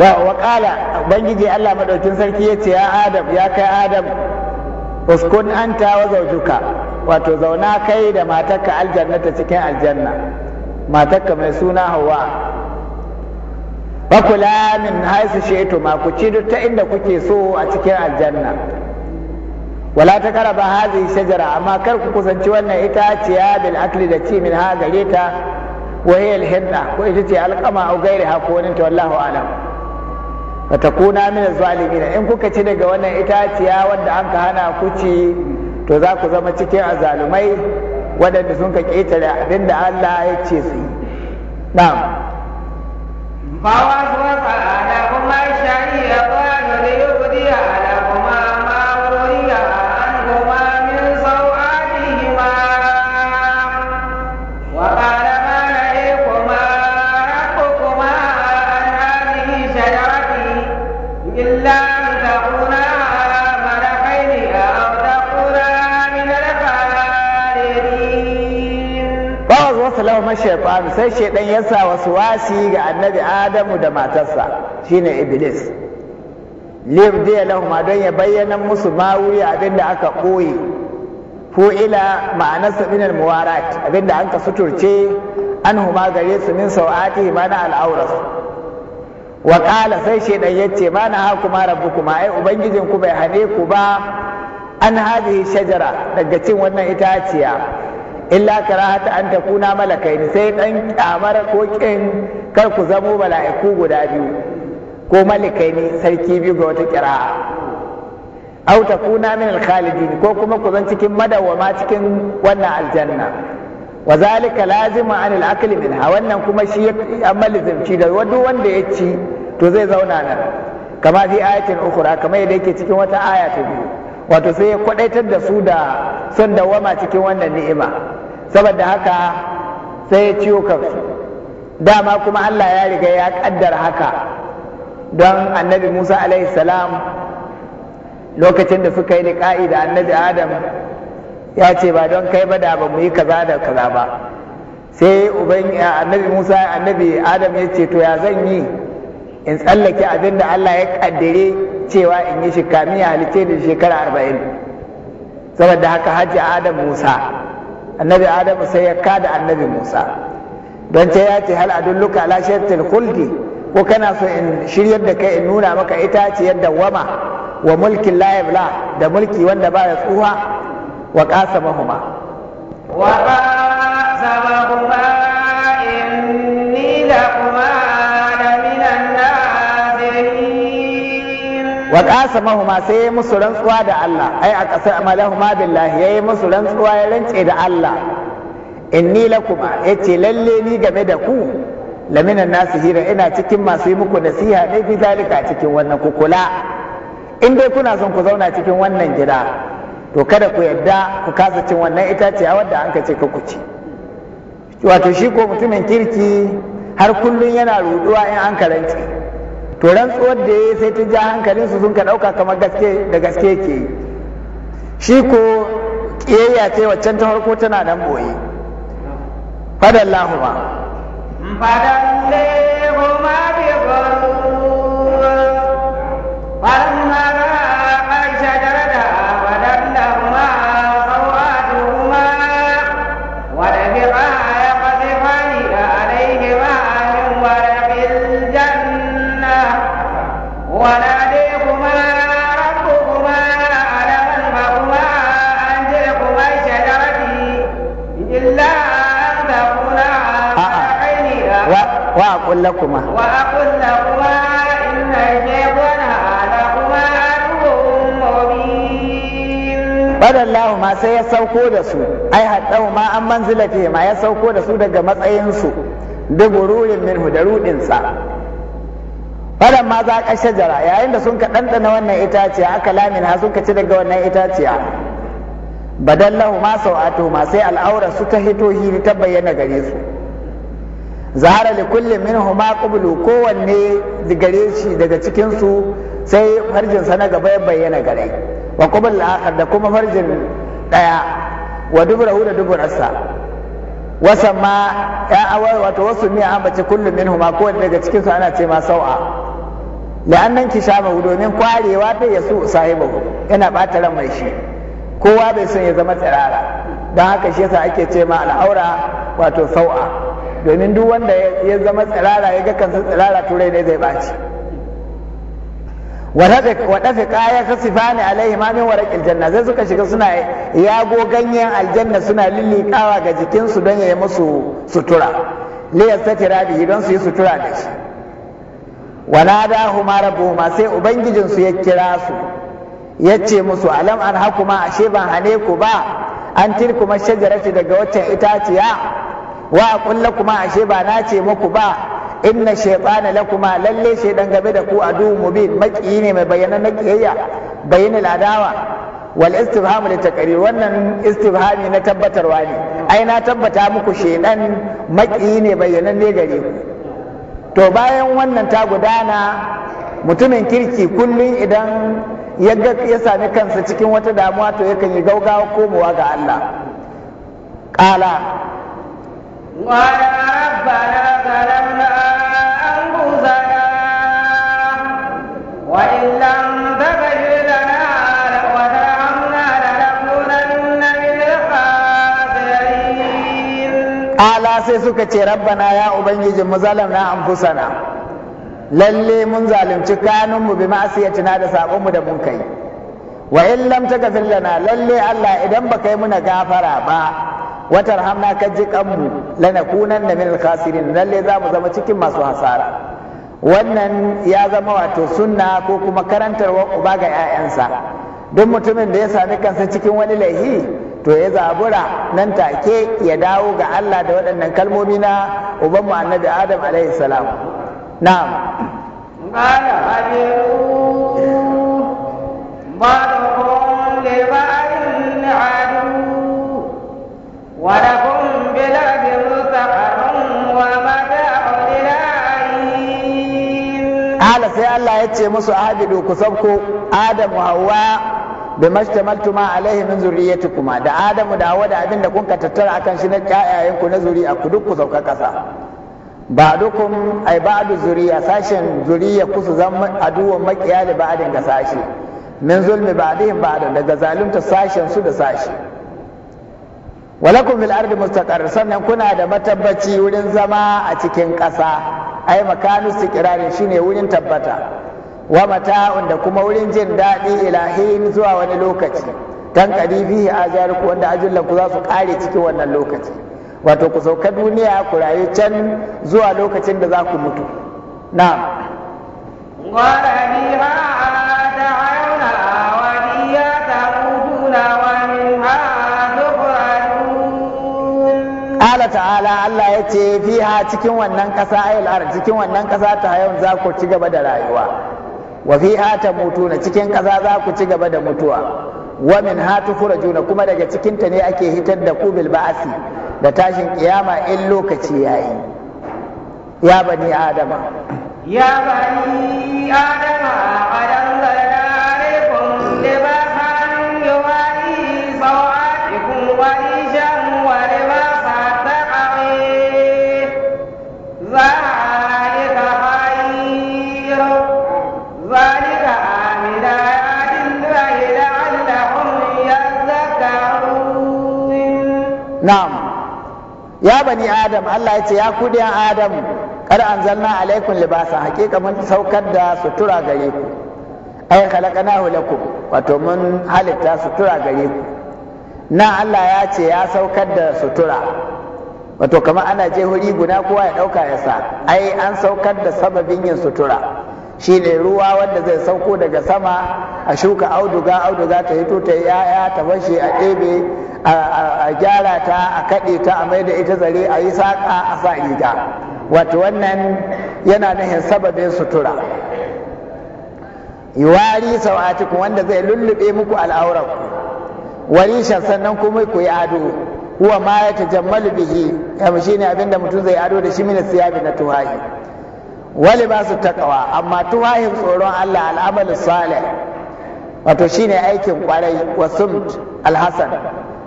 wa kala ubangiji Allah madaukin sarki ce ya adam ya kai adam uskun anta wa zawjuka wato zauna kai da matarka aljannata cikin aljanna matarka mai suna hawa fakula min haisu shaitu ma ku ci duk ta inda kuke so a cikin aljanna wala ta kara ba hazi shajara amma kar ku kusanci wannan itaciya bil akli da ci min ha gare ta wa hiya al ko ita ce alqama au gairi ha ko wani ta wallahu alam wa takuna min zalimin in kuka ci daga wannan itaciya wanda an ka hana ku ci to za ku zama cikin azalumai waɗanda sun ka ƙetare abinda Allah ya ce su yi na'am ba wa zuwa tsara da kuma shari'a sai shaidan ya sa wasu wasi ga annabi adamu da matarsa shine iblis liyabdiya lahuma don ya bayyana musu ma wuri abinda aka ɓoye ila ma'anarsa min al-muwarat abinda an suturce an huma gare su min sau'ati ma na al'auras wa qala sai shaidan yace ma na hakuma kuma ai ubangijin ku bai hane ku ba an hadi shajara daga cin wannan itaciya illa karahata an takuna malakaini sai dan kyamar ko kin kar ku zamo mala'iku guda biyu ko malakaini sarki biyu ga wata kira'a au takuna min al-khalidin ko kuma ku zan cikin madawama cikin wannan aljanna wa zalika lazima an al-akli minha wannan kuma shi amma lizimci da wadu wanda ya ci to zai zauna nan kama fi ayatin ukhra kama yadda yake cikin wata aya ta biyu wato sai ya kwadaitar da su da son dawama cikin wannan ni'ima saboda haka sai ya ciwo kansu dama kuma Allah ya riga ya kaddara haka don annabi Musa alaihi salam lokacin da suka yi liƙa'i da annabi Adam ya ce ba don kai ba da ba mu yi kaza da kaza ba sai uban annabi Musa annabi Adam ya ce to ya zan yi in tsallake abin da Allah ya kaddare cewa in yi shi kamiya halice da shekara arba'in saboda haka hajji Adam Musa annabi adamu sai ya kada annabi musa don ta ya ce hal adulluka ala shartil khuldi ko kana so in shiryar da kai in nuna maka ita ce yadda wama wa mulkin la yabla da mulki wanda ba ya tsuha wa qasamahuma wa wa qasamahuma sai ya musu rantsuwa da Allah ai a kasar amalahuma billahi yayi musu rantsuwa ya rantse da Allah inni lakuma yace lalle ni game da ku laminan nasu hira ina cikin masu yi muku nasiha ne fi zalika cikin wannan kukula in dai kuna son ku zauna cikin wannan gida to kada ku yadda ku kasa cin wannan itaciya wadda an ka ce ka ku ci wato shi ko mutumin kirki har kullum yana ruduwa in an karance to rantsuwar da ya yi sai ta ja hankalinsu sun ka ɗauka kamar gaske da gaske ke shi ko ƙiyayya ce waccan ta farko tana nan boye fadar lahuma fadar lahuma bi lakuma wa aqul lakuma inna jaybana ala kuma ma sai ya sauko da su ai haɗau ma an manzilatihi ma ya sauko da su daga matsayinsu da gururin minhu da rudinsa fadan ma za ka shajara yayin da sun ka ɗanɗana wannan itaciya aka lamina sun ka ci daga wannan itaciya badallahu ma sau'atu ma sai al'aura su ta hito hiri ta bayyana gare su zahara li kulli minhuma qublu kowanne gare shi daga cikinsu sai farjin na gaba ya bayyana gare wa qubul akhar da kuma farjin ɗaya wa dubrahu da dubrarsa Wasan ma ya wato wasu ne an bace kullum minhuma kowanne daga cikin ana ce ma sau'a la'annan kishabahu domin kwarewa ta yasu sahibahu yana ɓata ran mai shi kowa bai son ya zama tsirara don haka shi yasa ake ce ma al'aura wato sau'a domin duk wanda ya zama tsirara ya ga kansa tsirara turai ne zai ɓaci waɗafi kaya ta sifa ne alaihi ma min waraƙin janna zai suka shiga suna yago ganyen aljanna suna lillikawa ga jikinsu don ya yi musu sutura liyar satira bihi don su yi sutura da shi wana da huma rabbuhuma sai ubangijinsu ya kira su ya ce musu alam an hakuma ashe ban hane ku ba an tilkuma shajarati daga waccan itaciya wa aqul kuma ashe ba na ce muku ba inna shaytana lakuma lalle shi dan game da ku adu mubin maki ne mai bayyana na kiyayya bayyana adawa wal istifham li taqrir wannan istifhami na tabbatarwa ne ai na tabbata muku shaydan maki ne bayyana ne gare ku to bayan wannan ta gudana mutumin kirki kullum idan ya sami kansa cikin wata damuwa to yakan yi gaugawa komowa ga Allah ƙala قال ربنا ظلمنا أنفسنا وإن لم تغفر لنا وترحمنا لنكونن من lalle mun zalunci kanunmu bi ma'asiyatina da saƙonmu da mun kai wa in lam lana lalle Allah idan baka yi muna gafara ba watar hamna ka ji kanmu lanakunan da minal khasirin lalle za mu zama cikin masu hasara wannan ya zama wato sunna ko kuma karantar uba ga 'ya'yansa duk mutumin da ya sami kansa cikin wani laihi to ya zabura nan take ya dawo ga Allah da waɗannan kalmomi na mu annabi Adam alaihi salam na'am ala sai allah ya ce قال سي ku يتشي مسو عابدوا كسبكو آدم وحواء bima alaihi min zurriyatikuma da adamu da hawa da abinda da kun ka tattara akan shi na ku na zuri'a ku duk ku sauka ƙasa ba'dukum ay ba'du zuriya sashen zuriya ku su zama aduwan makiya da ba'din ga sashi min zulmi ba da, daga zalunta sashen su da sashi walakum fil ardi mustaqarr sannan kuna da matabbaci wurin zama a cikin ƙasa ai makanu istiqrarin shine wurin tabbata wa mata'un da kuma wurin jin daɗi ilahin zuwa wani lokaci tan qadifi ajaruku wanda ajullan ku za su kare cikin wannan lokaci wato ku sauka duniya ku rayu can zuwa lokacin da za ku mutu na'am Ala ta'ala Allah ya ce fiha cikin wannan ƙasa ayyul ar cikin wannan ƙasa ta yau za ku ci gaba da rayuwa wa fiha ta mutu na cikin ƙasa za ku ci gaba da mutuwa wa min ha tukhrajuna kuma daga cikin ta ne ake hitar da kubil ba'asi da tashin kiyama in lokaci yayi ya bani adama ya bani adama na'am ya bani adam Allah ya ce ya ku ɗiyan adam kar anzalna alaikum libasa hakika mun saukar da sutura gare ku ai khalaqnahu lakum wato mun halitta sutura gare ku na Allah ya ce ya saukar da sutura wato kamar ana je huri guda kowa ya ɗauka ya sa ai an saukar da sababin yin sutura shi ne ruwa wanda zai sauko daga sama a shuka auduga auduga ta hito ta yaya ta fashe a ɗebe a gyara ta a kaɗe ta a mai da ita zare a yi saƙa a sa riga wato wannan yana nufin sababin sutura wari ku wanda zai lullube muku al'auranku shan sannan kuma ku yi ado huwa ma ya jammalu bihi shi shine abinda mutum zai ado da shi siya siyabi na tuhahi wali ba su takawa amma tuhahin tsoron Allah Al'amalin salih wato shi ne aikin kwarai wa sumt alhassan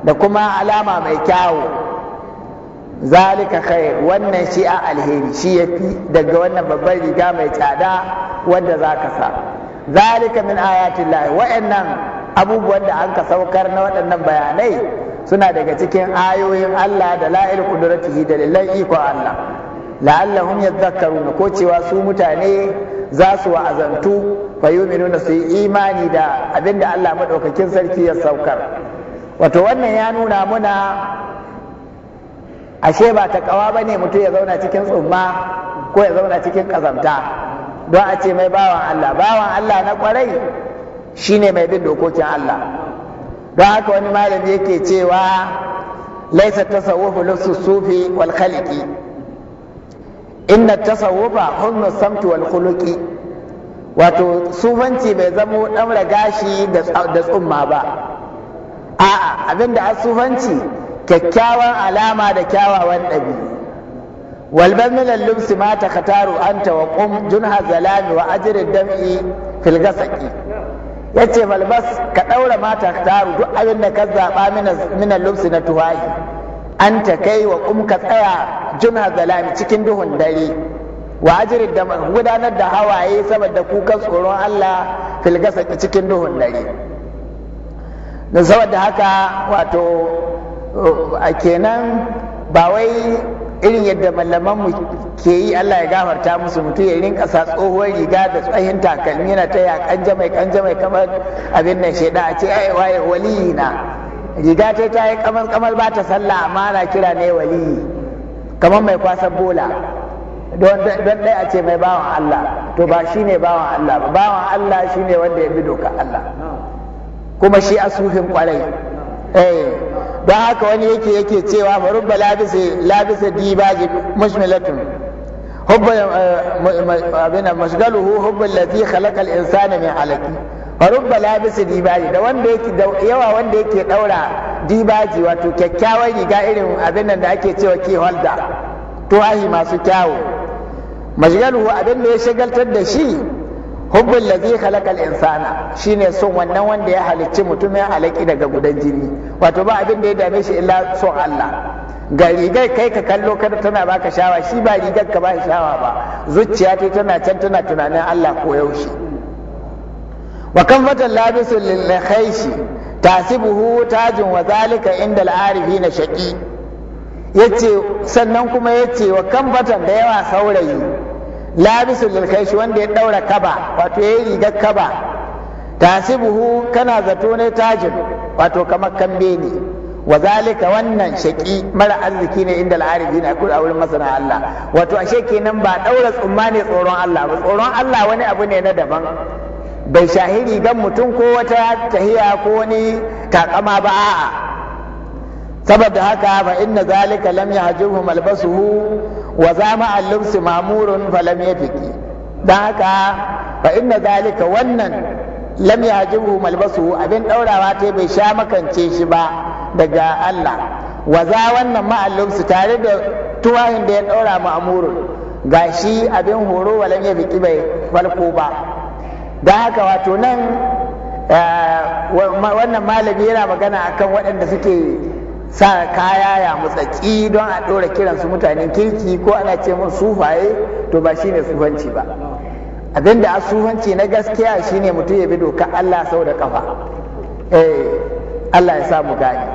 da kuma alama mai kyawu zalika kai wannan shi a alheri shi ya fi daga wannan babbar riga mai tsada wanda za ka sa zalika min ayatin lahi wa'annan abubuwan da an ka saukar na waɗannan bayanai suna daga cikin ayoyin Allah da la'il kudratihi da lillahi iko Allah la'allahum yadhakkaruna ko cewa su mutane za su wa'azantu fa yu'minuna su yi imani da abinda Allah madaukakin sarki ya saukar wato wannan ya nuna muna ashe ba ta kawa ba ne mutum ya zauna cikin tsumma ko ya zauna cikin kazanta don a ce mai bawan Allah bawan Allah na kwarai shi ne mai bin dokokin Allah don haka wani malami yake cewa laisa tasawufu lufsu sufi wal khaliki inna tasawufa hunnu samti wal khuluki wato sufanci bai zamo ɗaura gashi da tsumma ba a'a abin da asufanci kyakkyawan alama da kyawawan ɗabi'u walban min al lubsi ma takataru anta wa qum junha zalami wa ajri dam'i fil gasaqi yace malbas ka daura ma takataru duk abin da ka zaba min al lubsi na tuwayi anta kai wa qum ka tsaya junha zalami cikin duhun dare wa ajri dam'i gudanar da hawaye saboda kukan tsoron Allah fil gasaqi cikin duhun dare da saboda haka wato a kenan ba wai irin yadda malamanmu ke yi Allah ya gafarta musu mutum ya rinka sa tsohuwar riga da tsayin takalmi yana ta ya kanjamai kanjamai kamar abin nan shaida a ce ai waye waliyi na riga ta ta yi kamar kamar ba ta sallah amma ana kira ne waliyi kamar mai kwasan bola don ɗaya a ce mai bawan Allah to ba shine bawan Allah ba bawan Allah shine wanda ya bi doka Allah kuma shi a sufin kwarai eh don haka wani yake yake cewa farubba labisa labisa dibaji mushmilatun hubba eh, abin mashgaluhu hubba ladhi khalaqa al-insana min alaqi farubba labisa dibaji da wanda yake yawa wanda yake daura dibaji wato kyakkyawan riga irin abin nan da ake cewa ke holda tuwahi masu kyawu mashgaluhu abin da ya shagaltar da shi hubbul ladhi khalaqal insana shine son wannan wanda ya halicci mutum ya halaki daga gudan jini wato ba abin da ya dame shi illa son Allah ga rigar kai ka kallo kada tana baka shawa shi ba rigar ka ba shawa ba zuciya ta tana can tana tunanin Allah ko yaushe wa kan fatan labisul lil khayshi tasibuhu tajin wa zalika inda al-arifina shaqi yace sannan kuma yace wa kan fatan da yawa saurayi labisul shi wanda ya daura kaba wato ya yi rigar kaba tasibuhu kana zato ne tajin wato kamar kambe ne wa zalika wannan shaki mara arziki ne inda al'arifi na a wurin masana Allah wato ashe kenan ba daura tsumma ne tsoron Allah ba tsoron Allah wani abu ne na daban bai shahi rigar mutum ko wata tahiya ko wani takama ba a'a saboda haka fa inna zalika lam yahjuhum albasuhu wa za al-lubsi mamurun falam yafiki dan haka fa inna zalika wannan lam yajibu malbasu abin ɗaurawa ta bai sha makance shi ba daga Allah wa za wannan ma'allumsu tare da tuwahin da ya daura ga shi abin horo walam ya bai farko ba dan haka wato nan eh, wannan malami yana magana akan waɗanda suke sa kaya ya mutsaki don a ɗora kiransu mutanen kirki ko ana ce mun sufaye to ba shine sufanci ba abin da sufanci na gaskiya shine mutum ya bi doka Allah sau da kafa eh Allah ya samu gani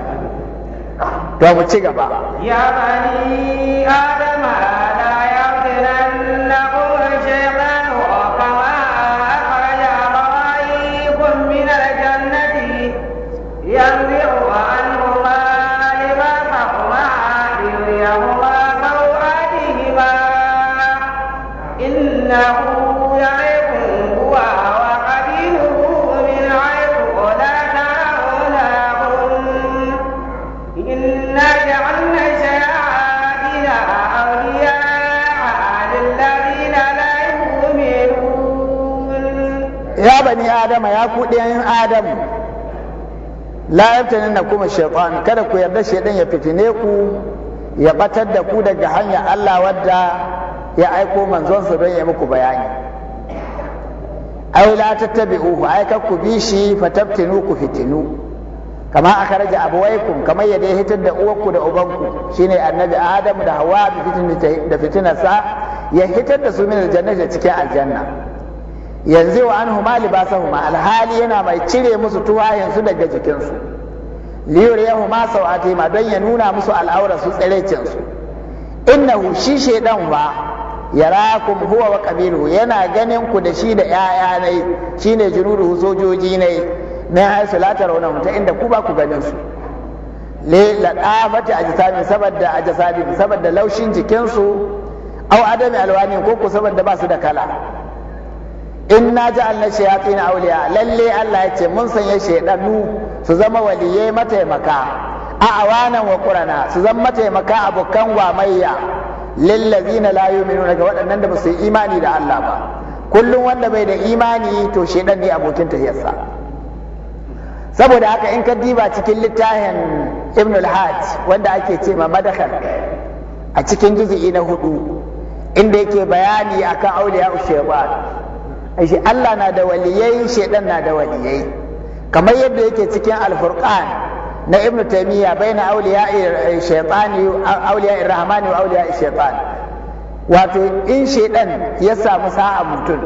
to mu ci gaba ya bani adama la ya ya bani adama ya ku ɗayan adamu la yaftanin na kuma shaitan kada ku yarda shaitan ya fitine ku ya batar da ku daga hanyar Allah wadda ya aiko manzonsa don ya muku bayani ai la tattabi'uhu ai kar ku bi shi fataftinu ku fitinu kama aka rage abuwaikum kamar yadda ya hitar da uwarku da ubanku shine annabi adam da hawa da sa ya hitar da su min aljanna da cikin aljanna yanzu wa anhu ma libasahuma alhali yana mai cire musu tuwayensu daga jikinsu huma sau ma sau'atima don ya nuna musu al'aurarsu su inna su innahu shi shedan ba yarakum huwa wa kabiru yana ganin ku da shi da yaya ne shine junuruhu sojoji ne na haisu la tarawna mutan inda ku ba ku ganin su le ladafati ajsami saboda saboda laushin jikinsu au adami alwani ko ku saboda ba su da kala in na ji Allah tsina auliya lalle Allah ya ce mun sanya shaidanu su zama waliyai mataimaka a awanan wa qurana su zama mataimaka abokan gwamayya lillazina la yu'minuna ga waɗannan da ba su yi imani da Allah ba kullum wanda bai da imani to shaidan ne abokin tafiyarsa saboda haka in ka diba cikin littafin ibn al-hajj wanda ake ce ma madakhal a cikin juzu'i na hudu inda yake bayani akan auliya shaytan shi Allah na da waliyai shaidan na da waliyai kamar yadda yake cikin alfurqan na ibnu taymiya baina awliya shaytani awliya rahman wa awliya shaytan wato in shaidan ya samu sa'a mutum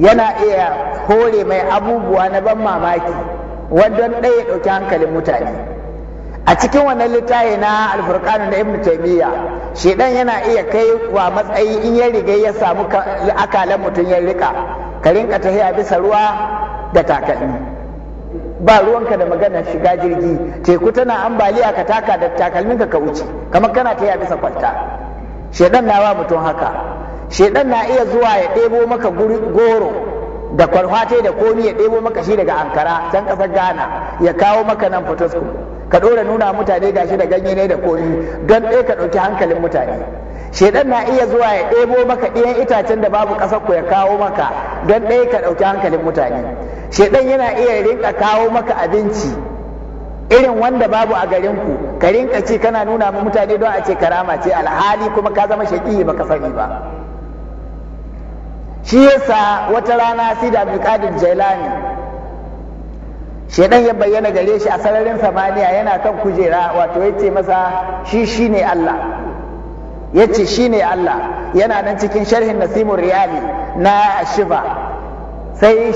yana iya hore mai abubuwa na ban mamaki wadon ɗaya ya ɗauki hankalin mutane a cikin wannan littafi na alfurkanu na ibn taymiya shedan yana iya kai wa matsayi in ya riga ya samu akalan mutum ya rika ka rinka tahiya bisa ruwa da takalmi ba ruwanka da maganar shiga jirgi teku tana ambaliya ka taka da takalminka ka wuce kamar kana tahiya bisa kwalta shedan na wa mutum haka shedan na iya zuwa ya ɗebo maka goro da kwarfate da komi ya ɗebo maka shi daga ankara can ƙasar ghana ya kawo maka nan fotoskop ka ɗora nuna mutane gashi da ganye ne da komi don ɗaya ka ɗauki hankalin mutane shaidan na iya zuwa ya ɗebo maka ɗiyan itacen da babu ƙasar ku ya kawo maka don ɗaya ka ɗauki hankalin mutane shaidan yana iya rinka kawo maka abinci irin wanda babu a garin ku ka rinka ci kana nuna ma mutane don a ce karama ce alhali kuma ka zama shaƙi baka sani ba shi yasa wata rana sida bin kadir jailani shedan ya bayyana gare shi a sararin samaniya yana kan kujera wato ya ce masa shi shi ne Allah Ya ce shi ne Allah yana nan cikin sharhin nasimun riyali na shifa sai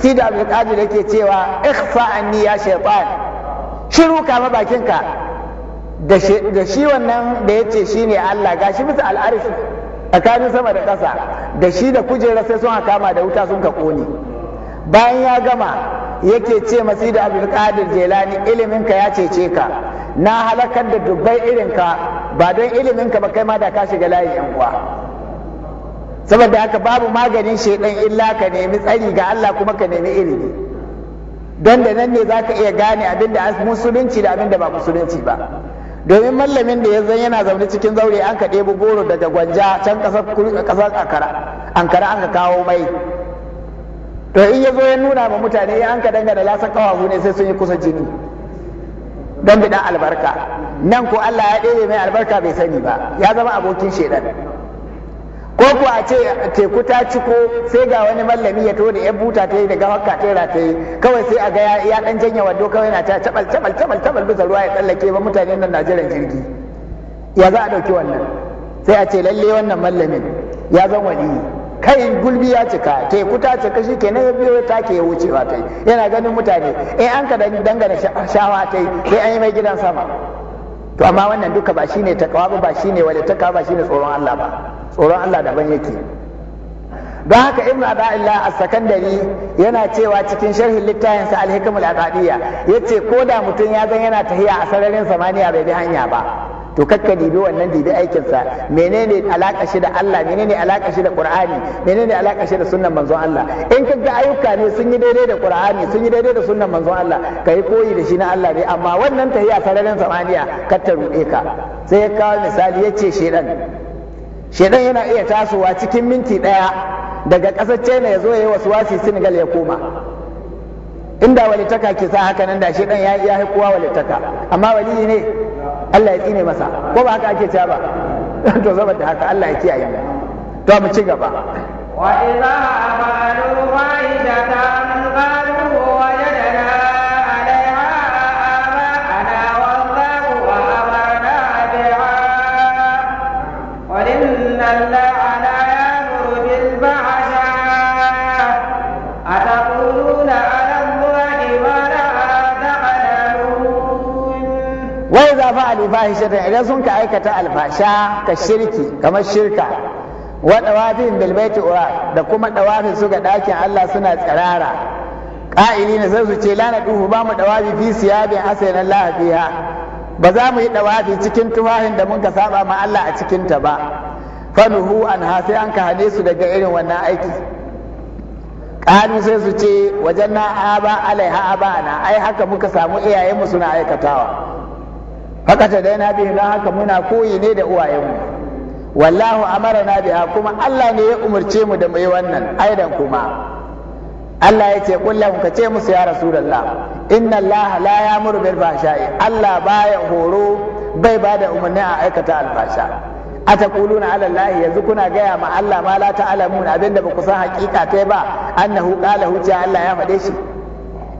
sidi abdul qadir yake cewa ikhfa anni ya shaytan shiru kama bakinka da shi wannan da ya ce shi ne Allah Ga shi bisa al'arish tsakanin sama da ƙasa da shi da kujera sai sun kama da wuta sun ka ƙone. bayan ya gama yake ce masu da abdulkadir jelani iliminka ya cece ka na halakar da dubbai irinka ba don iliminka ba kai ma da ka shiga layin yan uwa saboda haka babu maganin shaidan illa ka nemi tsari ga Allah kuma ka nemi ilimi don da nan ne za ka iya gane abinda da musulunci da abin da ba musulunci ba domin mallamin da ya zan yana zaune cikin zaure an ka ɗebo goro daga gwanja can ƙasar ankara an ka kawo mai to in ya zo ya nuna ma mutane ya an ka da lasan kawahu ne sai sun yi kusa jini don bi dan albarka nan ko Allah ya dade mai albarka bai sani ba ya zama abokin shedan ko ku a ce teku ta ciko sai ga wani mallami ya to da ya buta ta yi daga hakka ta ta yi kawai sai a ga ya dan janya wando kawai na ta cabal cabal cabal cabal bisa ruwa ya tsallake ba mutane nan na jiran jirgi ya za a ɗauki wannan sai a ce lalle wannan mallamin ya zama waliyi kai gulbi ya cika yi ta cika shi kenan ya biyo ta ke wucewa ta yana ganin mutane in an ka dangane shawa ta sai an yi mai gidan sama to amma wannan duka ba shine takawa ba ne wale takawa ba shine tsoron Allah ba tsoron Allah daban yake don haka ibnu Abdullahi a sakandari yana cewa cikin sharhin littafin sa al-hikam al-adadiyya yace ko da mutum ya zan yana tahiya a sararin samaniya bai bi hanya ba to kakka dibi wannan dibi aikin sa menene alaka shi da Allah menene alaka shi da Qur'ani menene alaka shi da sunnan manzon Allah in kaga ayyuka ne sun yi daidai da Qur'ani sun yi daidai da sunnan manzon Allah kai koyi da shi na Allah ne amma wannan tahiya sararin samaniya kar ta ruɗe ka sai ya kawo misali yace shedan shedan yana iya tasowa cikin minti ɗaya daga ƙasar china ya zo ya yi wasu wasi senegal ya koma inda walitaka ke sa haka nan da shedan ya yi kowa walitaka amma waliyi ne allah ya tsine masa ko ba haka ake cewa ba [laughs] to saboda haka allah ya kiyaye to mu ci gaba fahishatan idan sun ka aikata alfasha ka shirki kamar shirka wa dawafin bil baiti ura da kuma dawafin su ga dakin Allah suna tsirara qa'ili ne sai su ce lana duhu ba mu dawafi fi siyabi asayin Allah fiha ba za mu yi dawafi cikin tufahin da mun ka saba ma Allah a cikin ta ba fanuhu an ha sai an ka hane su daga irin wannan aiki qalu sai su ce wajanna aba alaiha abana ai haka muka samu iyayenmu suna aikatawa haka ta daina bihi don haka muna koyi ne da uwayenmu wallahu amarana biha kuma Allah ne ya umarce mu da mai wannan aidan kuma Allah ya ce kullum ka ce musu ya rasulullah inna Allah la ya'muru bil fahsha'i Allah baya horo bai bada umarni a aikata albasha ataquluna ala Allah yanzu kuna gaya ma Allah ma la ta'lamun abinda ba ku san hakika ta ba annahu qala huja Allah ya faɗe shi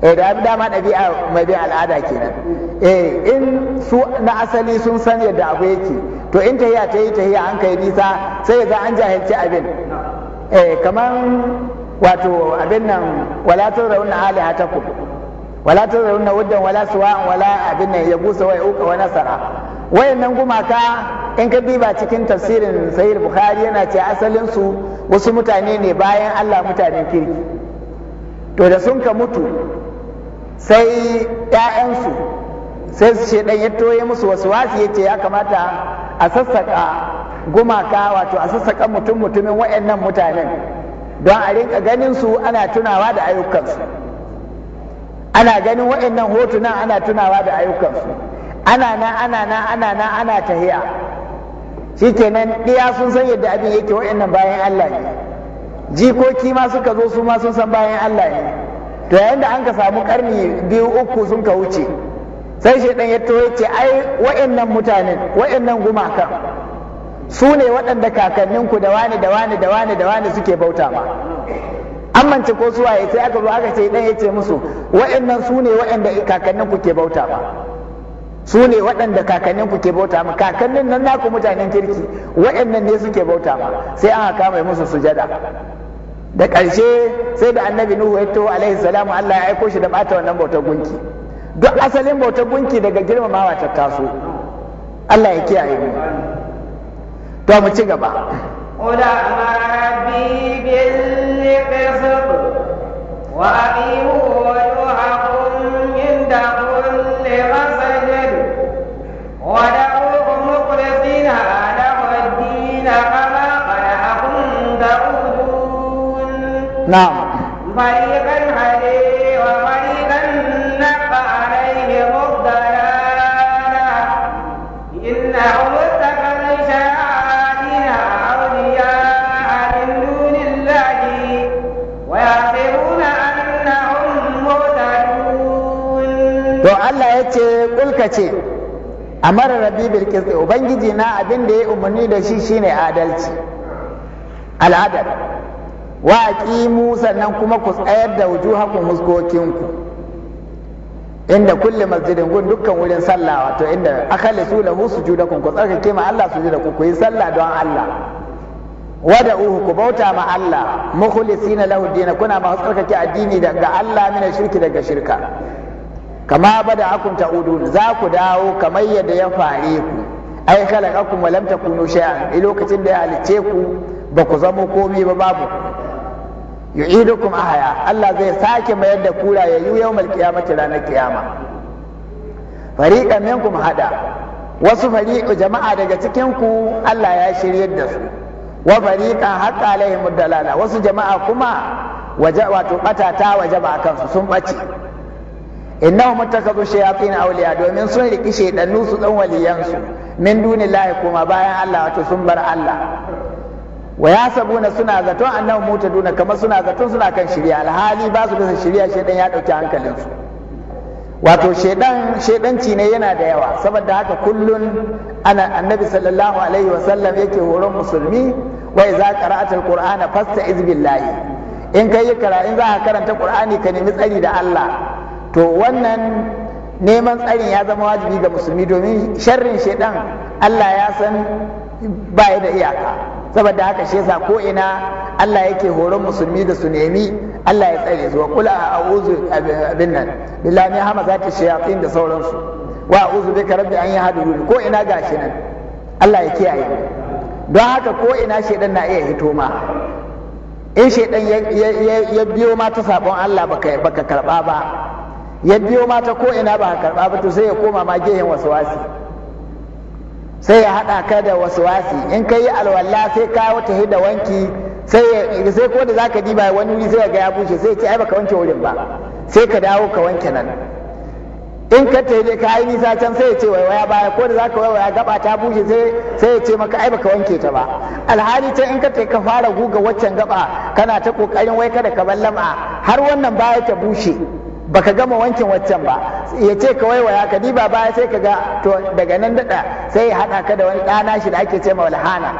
eh da dama ɗabi'a mai bi al'ada kenan eh in su na asali sun san yadda abu yake to in tahiya ta yi tahiya an kai nisa sai ya ga an jahilci abin eh kamar wato abin nan wala ta ku wala rauna wuddan wala suwa wala abin nan ya busa wa uka wa nasara wayannan gumaka in ka biba cikin tafsirin sahih bukhari yana ce asalin su wasu mutane ne bayan Allah mutanen kirki to da sun ka mutu sai 'ya'yansu sai shaidan ya toye musu wasu wasu, ya ce ya kamata a sassaka gumaka wato a sassaka mutum mutumin waɗannan mutanen don a rinka ganin su ana tunawa da ayyukansu ana ganin waɗannan hotunan ana tunawa da ayyukansu ana na ana na ana na ana tahiya shikenan ɗiya sun san yadda abin yake waɗannan bayan Allah ne jikoki ma suka zo su ma sun san bayan Allah ne to yayin da an ka samu karni biyu uku sun ka wuce sai yato ya to yace ai wa'annan mutanen wa'annan gumakan su ne waɗanda kakanninku da wani da wani da wani da wani suke bauta ma amince ko suwa ya sai aka zo aka ce ya yace musu wa'annan su ne waɗanda kakanninku ke bauta ma su ne waɗanda kakanninku ke bauta ma kakannin nan naku mutanen kirki wa'annan ne suke bauta ma sai an haka mai musu sujada da ƙarshe sai da annabi nuhu ya to alaihi salamu Allah ya aiko shi da ɓata wannan bautar gunki duk asalin bautar gunki daga girmamawa ta taso Allah ya kiyaye mu to mu ci gaba Oda rabbi bil qisb wa aqimu wujuhakum inda kulli masjid wa da'u mukhlisina lahu ad-din kama qad'akum ta'udun Na'am Fariqan hadith suka ce a mara rabi bilkirti ubangiji na abin da ya umarni da shi shine adalci al'adar wa aqimu sannan kuma ku tsayar da hakun huskokinku inda kulle masjidin gun dukkan wurin sallah wato inda su lahu kun ku tsarkake ma Allah sujudakum ku yi sallah don Allah uhu ku bauta ma Allah mukhlisina lahu dina kuna ma tsarkake addini daga Allah mina shirki daga shirka kama ba bada akum ta'udun za ku dawo kamar yadda ya fare ku ai khalaqakum wa lam takunu shay'an a lokacin da ya halicce ku ba ku zama komai ba babu yu'idukum ahya Allah zai sake mayar da ku rayayyu yawmal qiyamati ranar kiyama fariqan minkum hada wasu fariqu jama'a daga cikin ku Allah ya shiryar da su wa fariqa haqa alaihim dalala wasu jama'a kuma wato bata ta waje ba kansu sun bace innahu muttakazu shayatin awliya domin sun riki shaydannu su dan waliyansu min dunillahi kuma bayan Allah wato sun bar Allah wa yasabuna suna zaton annahu mutaduna kamar suna zaton suna kan shirya alhali ba su bisa shirya shaydan ya dauki hankalinsu wato shaidan shaidanci ne yana da yawa saboda haka kullun ana annabi sallallahu alaihi wa sallam yake horon musulmi wa idza qara'ata alqur'ana fasta'iz billahi in kai kara in za ka karanta qur'ani ka nemi tsari da Allah to wannan neman tsarin ya zama wajibi ga musulmi domin sharrin shaidan Allah ya san ba da iyaka saboda haka shi yasa ko ina Allah yake horon musulmi da su nemi Allah ya tsare su wa kula a'udhu abin nan billahi min hamazati shayatin da sauransu wa a'udhu bika rabbi an yahdurun ko ina gashi nan Allah ya kiyaye don haka ko ina shaidan na iya hito ma in shaidan ya biyo ma ta sabon Allah baka baka karba ba ya biyo mata ko ina ba karɓa ba to sai ya koma ma gehen wasuwasi sai ya haɗa ka da wasuwasi in ka yi alwala sai ka wata hida wanki sai ko da zaka diba wani wuri sai ga ya bushe sai ce ai baka wanke wurin ba sai ka dawo ka wanke nan in ka taide ka yi nisa can sai ya ce waiwaya baya ko da zaka waiwaya gaba ta bushe sai sai ya ce maka ai baka wanke ta ba alhali can in ka taide ka fara guga waccan gaba kana ta kokarin wai kada ka ballama har wannan baya ta bushe baka gama wankin waccan ba ya ce ka waiwaya ka diba baya sai ka ga to daga nan daɗa sai ya haɗa ka da wani ɗana shi da ake ce ma walhana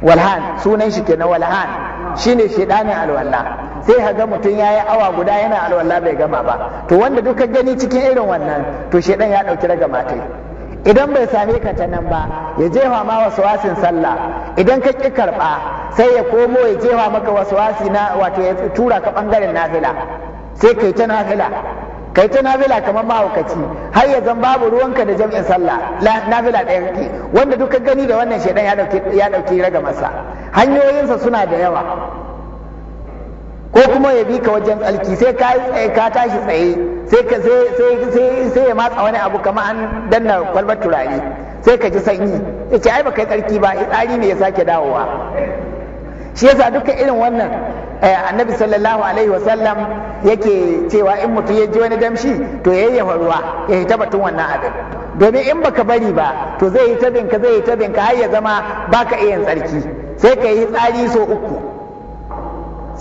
walhan sunan shi kenan walhan shine shedanin alwala sai ka ga mutum ya yi awa guda yana alwala bai gama ba to wanda duka gani cikin irin wannan to ɗan ya ɗauki daga matai idan bai same ka ta nan ba ya jefa ma wasu wasin sallah idan ka ƙi karɓa sai ya komo ya jefa maka wasu wasi na wato ya tura ka ɓangaren nafila sai kai ta nafila kai ta nafila kamar mahaukaci har ya zan babu ruwanka da jam'in sallah nafila ɗaya kake wanda duka gani da wannan shaidan ya ɗauki ya raga masa hanyoyinsa suna da yawa ko kuma ya bi ka wajen tsalki sai ka ka tashi tsaye sai ka sai sai sai ya matsa wani abu kamar an danna kwalbar turare sai ka ji sanyi yace ai baka yi tsarki ba tsari ne ya sake dawowa shi yasa duka irin wannan Eh, annabi sallallahu alaihi wasallam yake cewa in mutum ya ji wani damshi to ya yi ruwa ya yi batun wannan abin domin in baka bari ba to zai yi tabinka ka zai yi tabinka har ya zama baka iya tsarki sai ka yi tsari so uku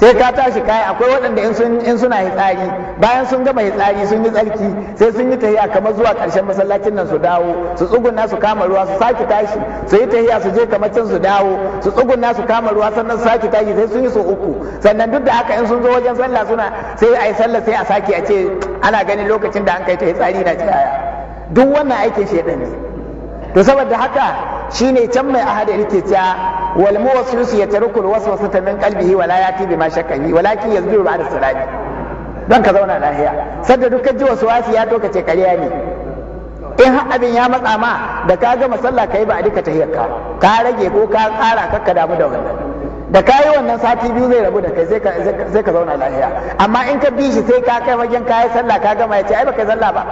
sai ka tashi kai akwai waɗanda in sun in suna hitsari bayan sun gama tsari sun yi tsarki sai sun yi tahiya kamar zuwa ƙarshen masallacin nan su dawo su tsuguna su kama ruwa su sake tashi su yi tahiya su je kamar can su dawo su tsuguna su kama ruwa sannan su sake tashi sai sun yi su uku sannan duk da haka in sun zo wajen sallah suna sai a yi sallah sai a sake a ce ana ganin lokacin da an kai ta tsari na jihaya duk wannan aikin shedan ne to saboda haka shine can mai ahada yake ta wal muwaswisu yatarukul ta min qalbihi wala yati bima shakkahi walakin yazbiru ba'da salati dan ka zauna lahiya sadda dukkan ji wasu ya toka ce kariya ne in har abin ya matsa ma da ka gama sallah kai ba a duka tahiyarka ka rage ko ka tsara kakka damu da wannan da ka yi wannan sati biyu zai rabu da kai sai ka zauna lahiya amma in ka bi shi sai ka kai wajen kayi sallah ka gama ya ce ai ba kai sallah ba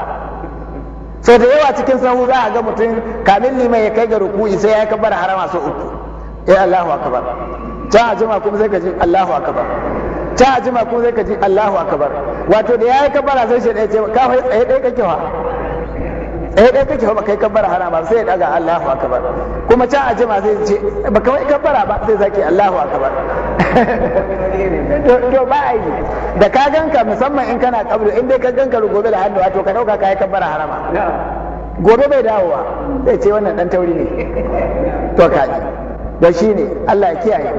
sau da yawa cikin sahu za a ga mutum kamin neman ya kai ga ruku'i sai ya kabar harama sau uku yi eh, Allahu akbar ta ajima kuma zai ka ji Allahu akbar ta ajima kuma zai ka Allahu akbar wato da ya yi kabbara sai shi ɗaya ce kawai tsaye ɗaya kake wa ɗaya eh, ɗaya kake ba kai kabbara harama sai ya daga Allahu akbar kuma can a jima zai ce ba kai kabbara ba sai zaki Allahu akbar [laughs] to ba a yi da ka ganka musamman in kana kabru in dai ka ganka gobe da hannu to ka dauka kai kabbara harama gobe bai dawowa zai ce wannan dan tauri ne to kaji da shi ne Allah ya kiyaye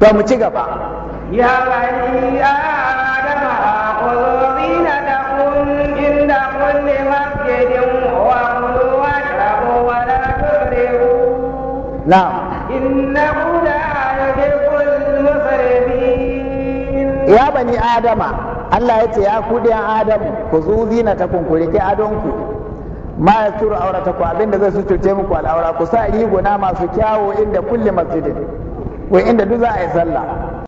to mu ci gaba ya نعم bani adama Allah ya ce ya ku da Adamu ku zu zina ta kun adonku ma ya tura aurata ku abinda zai suturce muku al'aura ku sa riguna masu kyawo inda kulli masjidin ko inda duk za a yi sallah